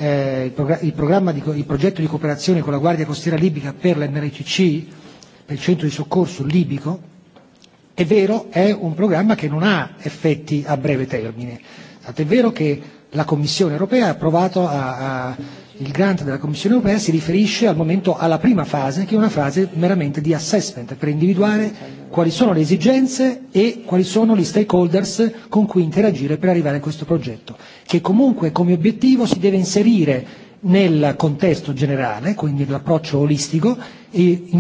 [SPEAKER 2] il programma il progetto di cooperazione con la Guardia Costiera libica per l'MRCC, per il centro di soccorso libico È vero, è un programma che non ha effetti a breve termine. Tant'è vero che la Commissione europea ha approvato a, il grant della Commissione europea si riferisce al momento alla prima fase, che è una fase meramente di assessment, per individuare quali sono le esigenze e quali sono gli stakeholders con cui interagire per arrivare a questo progetto, che comunque come obiettivo si deve inserire nel contesto generale, quindi l'approccio olistico, e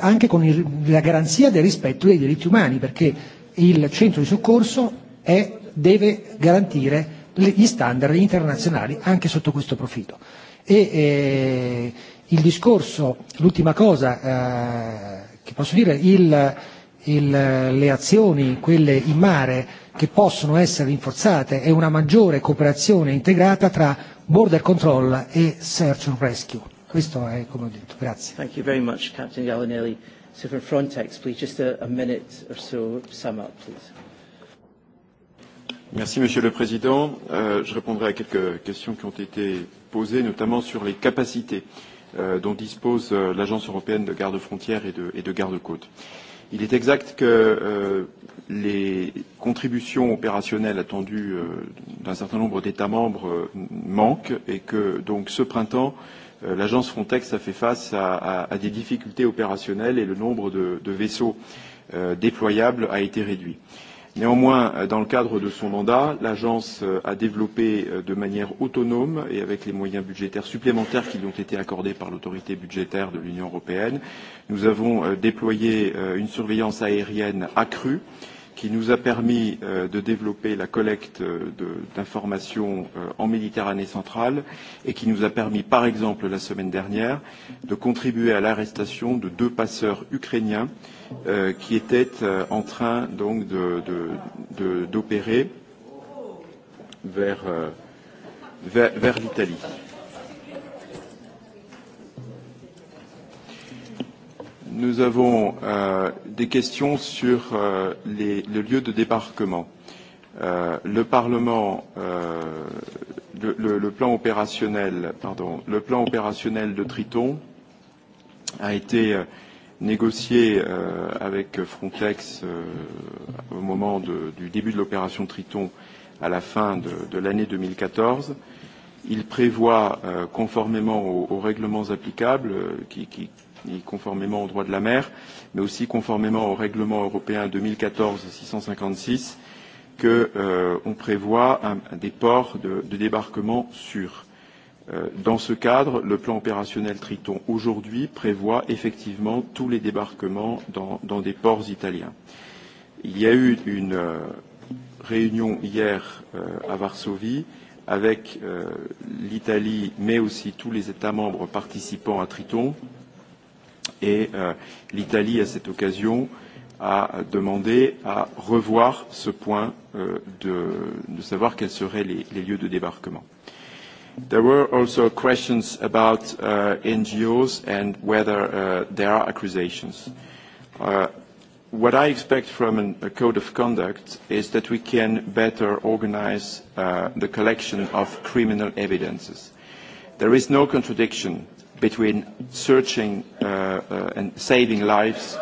[SPEAKER 2] anche con la garanzia del rispetto dei diritti umani, perché il centro di soccorso è, deve garantire gli standard internazionali anche sotto questo profilo. E il discorso, l'ultima cosa che posso dire, il, il, le azioni, quelle in mare, che possono essere rinforzate, è una maggiore cooperazione integrata tra border control e search and rescue. Questo è come ho detto. Grazie.
[SPEAKER 1] Thank you very much, Captain Gallinelli. So for Frontex, please, just a, a minute or so, sum up, please.
[SPEAKER 3] Merci, Monsieur le Président. Euh, je répondrai à quelques questions qui ont été posées, notamment sur les capacités euh, dont dispose l'Agence européenne de garde-frontières et de, et de garde-côtes. Euh, Il est exact que les contributions opérationnelles attendues d'un certain nombre d'États membres manquent et que donc ce printemps, l'agence Frontex a fait face à des difficultés opérationnelles et le nombre de vaisseaux déployables a été réduit. Néanmoins, dans le cadre de son mandat, l'agence a développé de manière autonome et avec les moyens budgétaires supplémentaires qui lui ont été accordés par l'autorité budgétaire de l'Union européenne, nous avons déployé une surveillance aérienne accrue qui nous a permis de développer la collecte d'informations en Méditerranée centrale et qui nous a permis, par exemple, la semaine dernière, de contribuer à l'arrestation de deux passeurs ukrainiens qui était en train donc de d'opérer vers vers l'Italie. Nous avons des questions sur les le lieu de débarquement. Le Parlement le plan opérationnel pardon, le plan opérationnel de Triton a été négocié avec Frontex au moment du début de l'opération Triton à la fin de l'année 2014. Il prévoit, conformément aux règlements applicables, qui qui conformément au droit de la mer, mais aussi conformément au règlement européen 2014-656, qu'on prévoit des ports de débarquement sûrs Dans ce cadre, le plan opérationnel Triton aujourd'hui prévoit effectivement tous les débarquements dans des ports italiens. Il y a eu une réunion hier à Varsovie avec l'Italie, mais aussi tous les États membres participants à Triton. Et l'Italie, à cette occasion, a demandé à revoir ce point de savoir quels seraient les lieux de débarquement. There were also questions about NGOs and whether there are accusations. What I expect from a code of conduct is that we can better organize the collection of criminal evidences. There is no contradiction between searching and saving lives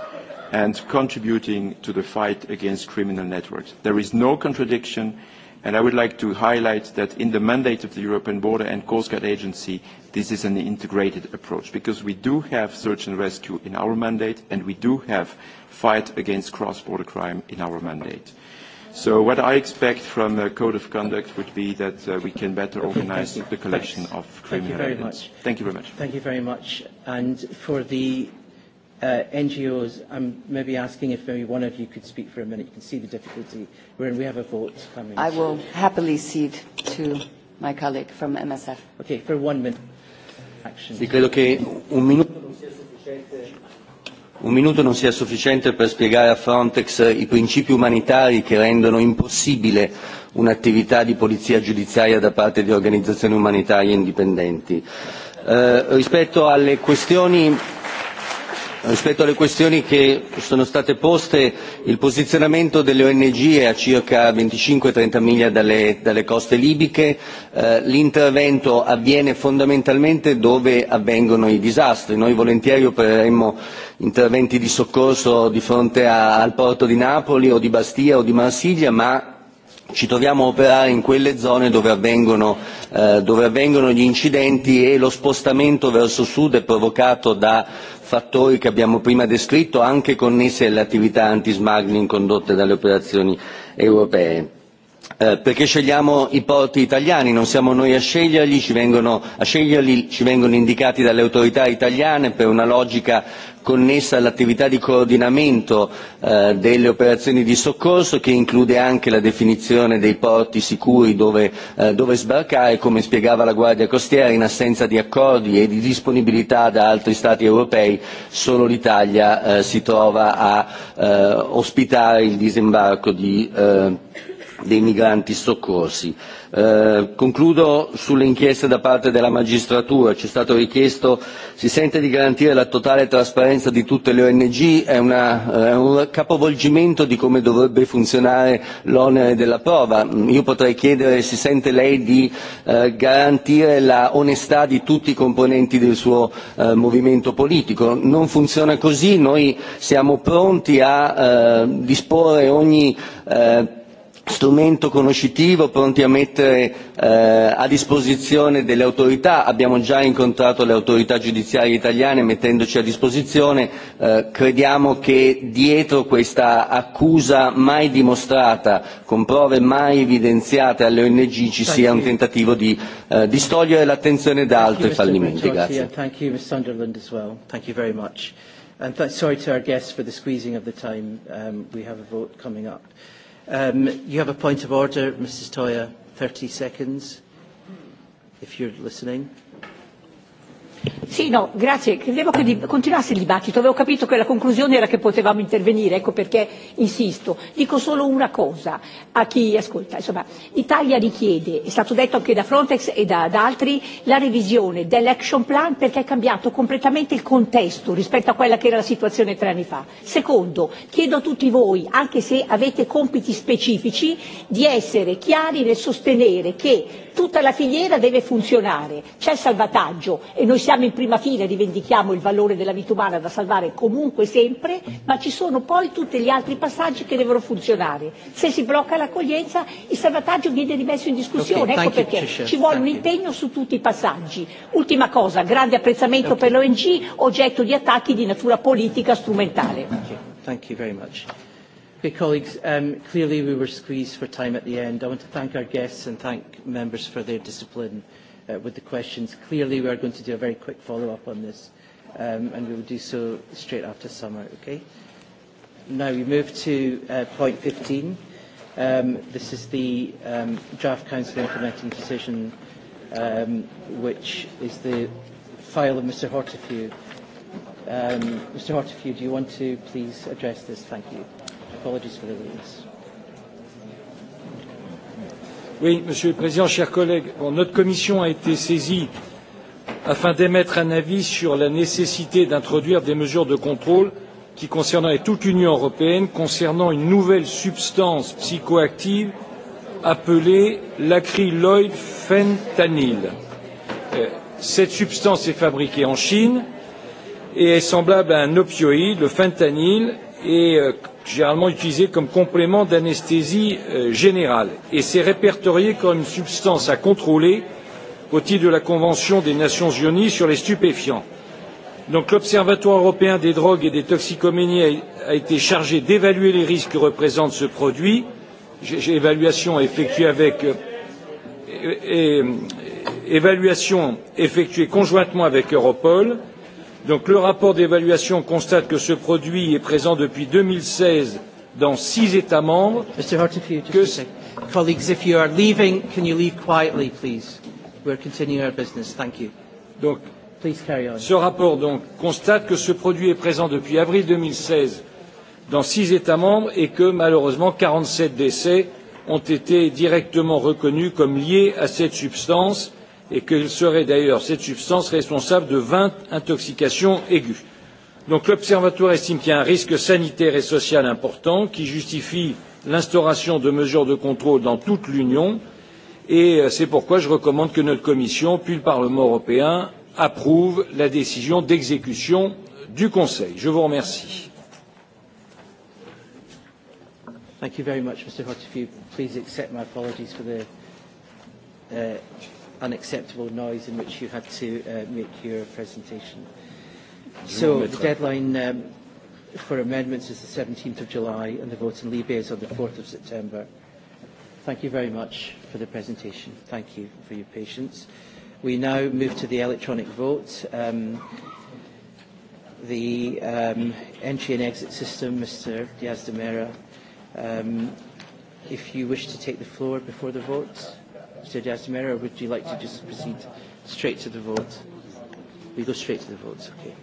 [SPEAKER 3] and contributing to the fight against criminal networks. There is no contradiction And I would like to highlight that in the mandate of the European Border and Coast Guard Agency, this is an integrated approach, because we do have search and rescue in our mandate, and we do have fight against cross-border crime in our mandate. So what I expect from the Code of Conduct would be that we can better organize the collection of criminal evidence. Thank you very much.
[SPEAKER 1] Thank you very much. for the NGOs, I'm maybe asking if maybe one of you could speak for a minute. You can see the difficulty we're in. We have a vote coming. I will
[SPEAKER 5] happily cede to my colleague from MSF. Okay, for one minute. Sì, credo che un minuto non sia sufficiente.
[SPEAKER 4] Un minuto non sia sufficiente per spiegare a Frontex i principi umanitari che rendono impossibile un'attività di polizia giudiziaria da parte di organizzazioni umanitarie indipendenti. Rispetto alle questioni rispetto alle questioni che sono state poste il posizionamento delle ONG è a circa 25-30 miglia dalle coste libiche l'intervento avviene fondamentalmente dove avvengono i disastri noi volentieri opereremo interventi di soccorso di fronte al porto di Napoli o di Bastia o di Marsiglia ma ci troviamo a operare in quelle zone dove avvengono dove avvengono gli incidenti e lo spostamento verso sud è provocato da fattori che abbiamo prima descritto, anche connessi alle attività anti-smuggling condotte dalle operazioni europee perché scegliamo i porti italiani, non siamo noi a sceglierli, a sceglierli ci vengono indicati dalle autorità italiane per una logica connessa all'attività di coordinamento delle operazioni di soccorso che include anche la definizione dei porti sicuri dove sbarcare, come spiegava la Guardia Costiera, in assenza di accordi e di disponibilità da altri Stati europei solo l'Italia si trova a ospitare il disembarco di dei migranti soccorsi. Concludo sulle inchieste da parte della magistratura. Ci è stato richiesto, si sente di garantire la totale trasparenza di tutte le ONG, è un capovolgimento di come dovrebbe funzionare l'onere della prova. Io potrei chiedere, si sente lei di garantire la onestà di tutti i componenti del suo movimento politico. Non funziona così, noi siamo pronti a disporre ogni strumento conoscitivo pronti a mettere a disposizione delle autorità abbiamo già incontrato le autorità giudiziarie italiane mettendoci a disposizione crediamo che dietro questa accusa mai dimostrata con prove mai evidenziate alle ong ci sia un tentativo di distogliere l'attenzione da altri fallimenti
[SPEAKER 1] You have a point of order, Mrs. Toya, 30 seconds, if you're listening.
[SPEAKER 9] Sì,
[SPEAKER 10] no, grazie. Credevo che continuasse il dibattito. Avevo capito che la conclusione era che potevamo intervenire, ecco perché insisto. Dico solo una cosa a chi ascolta. Insomma, l'Italia richiede, è stato detto anche da Frontex e da, da altri, la revisione dell'action plan perché è cambiato completamente il contesto rispetto a quella che era la situazione tre anni fa. Secondo, chiedo a tutti voi, anche se avete compiti specifici, di essere chiari nel sostenere che tutta la filiera deve funzionare. C'è salvataggio e noi siamo Siamo in prima fila e rivendichiamo il valore della vita umana da salvare comunque sempre, ma ci sono poi tutti gli altri passaggi che devono funzionare. Se si blocca l'accoglienza il salvataggio viene rimesso in discussione, ecco perché ci vuole un impegno su tutti i passaggi. Ultima cosa, grande apprezzamento per l'ONG, oggetto di attacchi di natura politica strumentale.
[SPEAKER 1] Thank you with the questions. Clearly, we are going to do a very quick follow-up on this, and we will do so straight after summer, okay? Now we move to point 15. This is the draft Council implementing decision, which is the file of Mr. Um, Mr. Hortefeux, do you want to please address this? Thank you.
[SPEAKER 20] Apologies for the lateness. Monsieur le Président, chers collègues, notre commission a été saisie afin d'émettre un avis sur la nécessité d'introduire des mesures de contrôle qui concerneraient toute l'Union européenne concernant une nouvelle substance psychoactive appelée l'acryloïd fentanyl. Cette substance est fabriquée en Chine et est semblable à un opioïde, le fentanyl, et généralement utilisé comme complément d'anesthésie générale et c'est répertorié comme une substance à contrôler au titre de la Convention des Nations Unies sur les stupéfiants. Donc l'Observatoire européen des drogues et des toxicoménies a été chargé d'évaluer les risques que représente ce produit. Évaluation effectuée évaluation effectuée conjointement avec Europol Donc le rapport d'évaluation constate que ce produit est présent depuis 2016 dans six États membres. Ce rapport donc constate que ce produit est présent depuis avril 2016 dans six États membres et que malheureusement 47 décès ont été directement reconnus comme liés à cette substance et que serait d'ailleurs cette substance responsable de 20 intoxications aiguës. Donc l'Observatoire estime qu'il y a un risque sanitaire et social important qui justifie l'instauration de mesures de contrôle dans toute l'Union et c'est pourquoi je recommande que notre Commission puis le Parlement européen approuvent la décision d'exécution du Conseil. Je vous remercie
[SPEAKER 1] unacceptable noise in which you had to make your presentation. So the deadline for amendments is the 17th of July and the vote in Libe is on the 4th of September. Thank you very much for the presentation. Thank you for your patience. We now move to the electronic vote. Um, the um, entry and exit system, Mr. Diaz de Mera. Um, if you wish to take the floor before the vote. Mr. diaz or would you like to just proceed straight to the vote? We go straight to the votes, okay.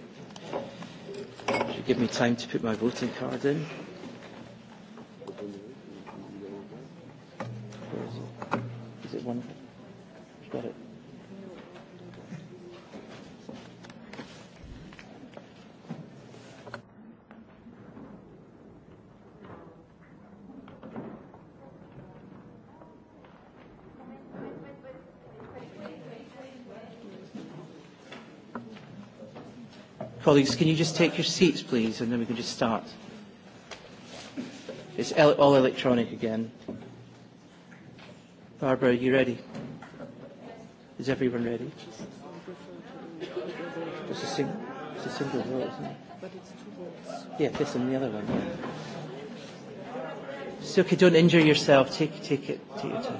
[SPEAKER 1] Should give me time to put my voting card in. Is it one? Got it. Colleagues, can you just take your seats, please, and then we can just start. It's all electronic again. Barbara, are you ready? Is everyone ready? It's a, sing single vote, isn't it? Yeah, this and the other one. It's okay, don't injure yourself. Take, take, it, take your time.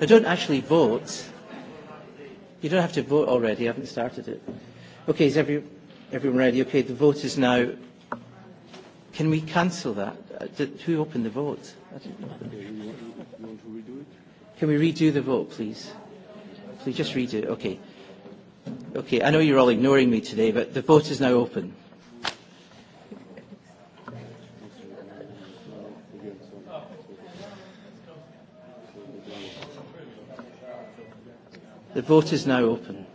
[SPEAKER 1] But don't actually vote. You don't have to vote already. I haven't started it. Okay, is every, everyone ready? Okay, the vote is now. Can we cancel that? Did, who opened the vote? I know. Can we redo the vote, please? Please just redo it. Okay. Okay, I know you're all ignoring me today, but the vote is now open. The vote is now open.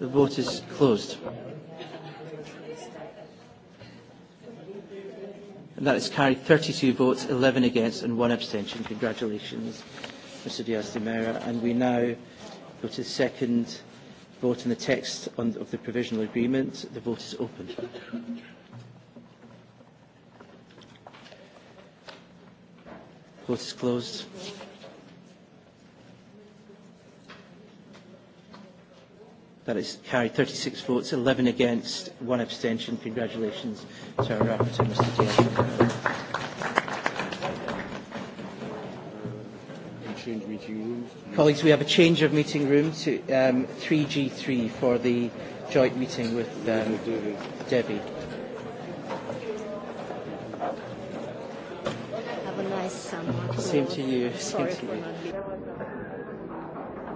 [SPEAKER 1] The vote is closed. And that is carried 32 votes, 11 against and one abstention. Congratulations, Mr Diaz de Mera. And we now go to the second vote in the text of the provisional agreement. The vote is open. Vote is closed. That is carried 36 votes, 11 against, one abstention. Congratulations to our rapporteur, Mr. Dale. Colleagues, we have a change of meeting room to um, 3G3 for the joint meeting with Debbie.
[SPEAKER 14] Have a nice summer. Same to you. Same to you.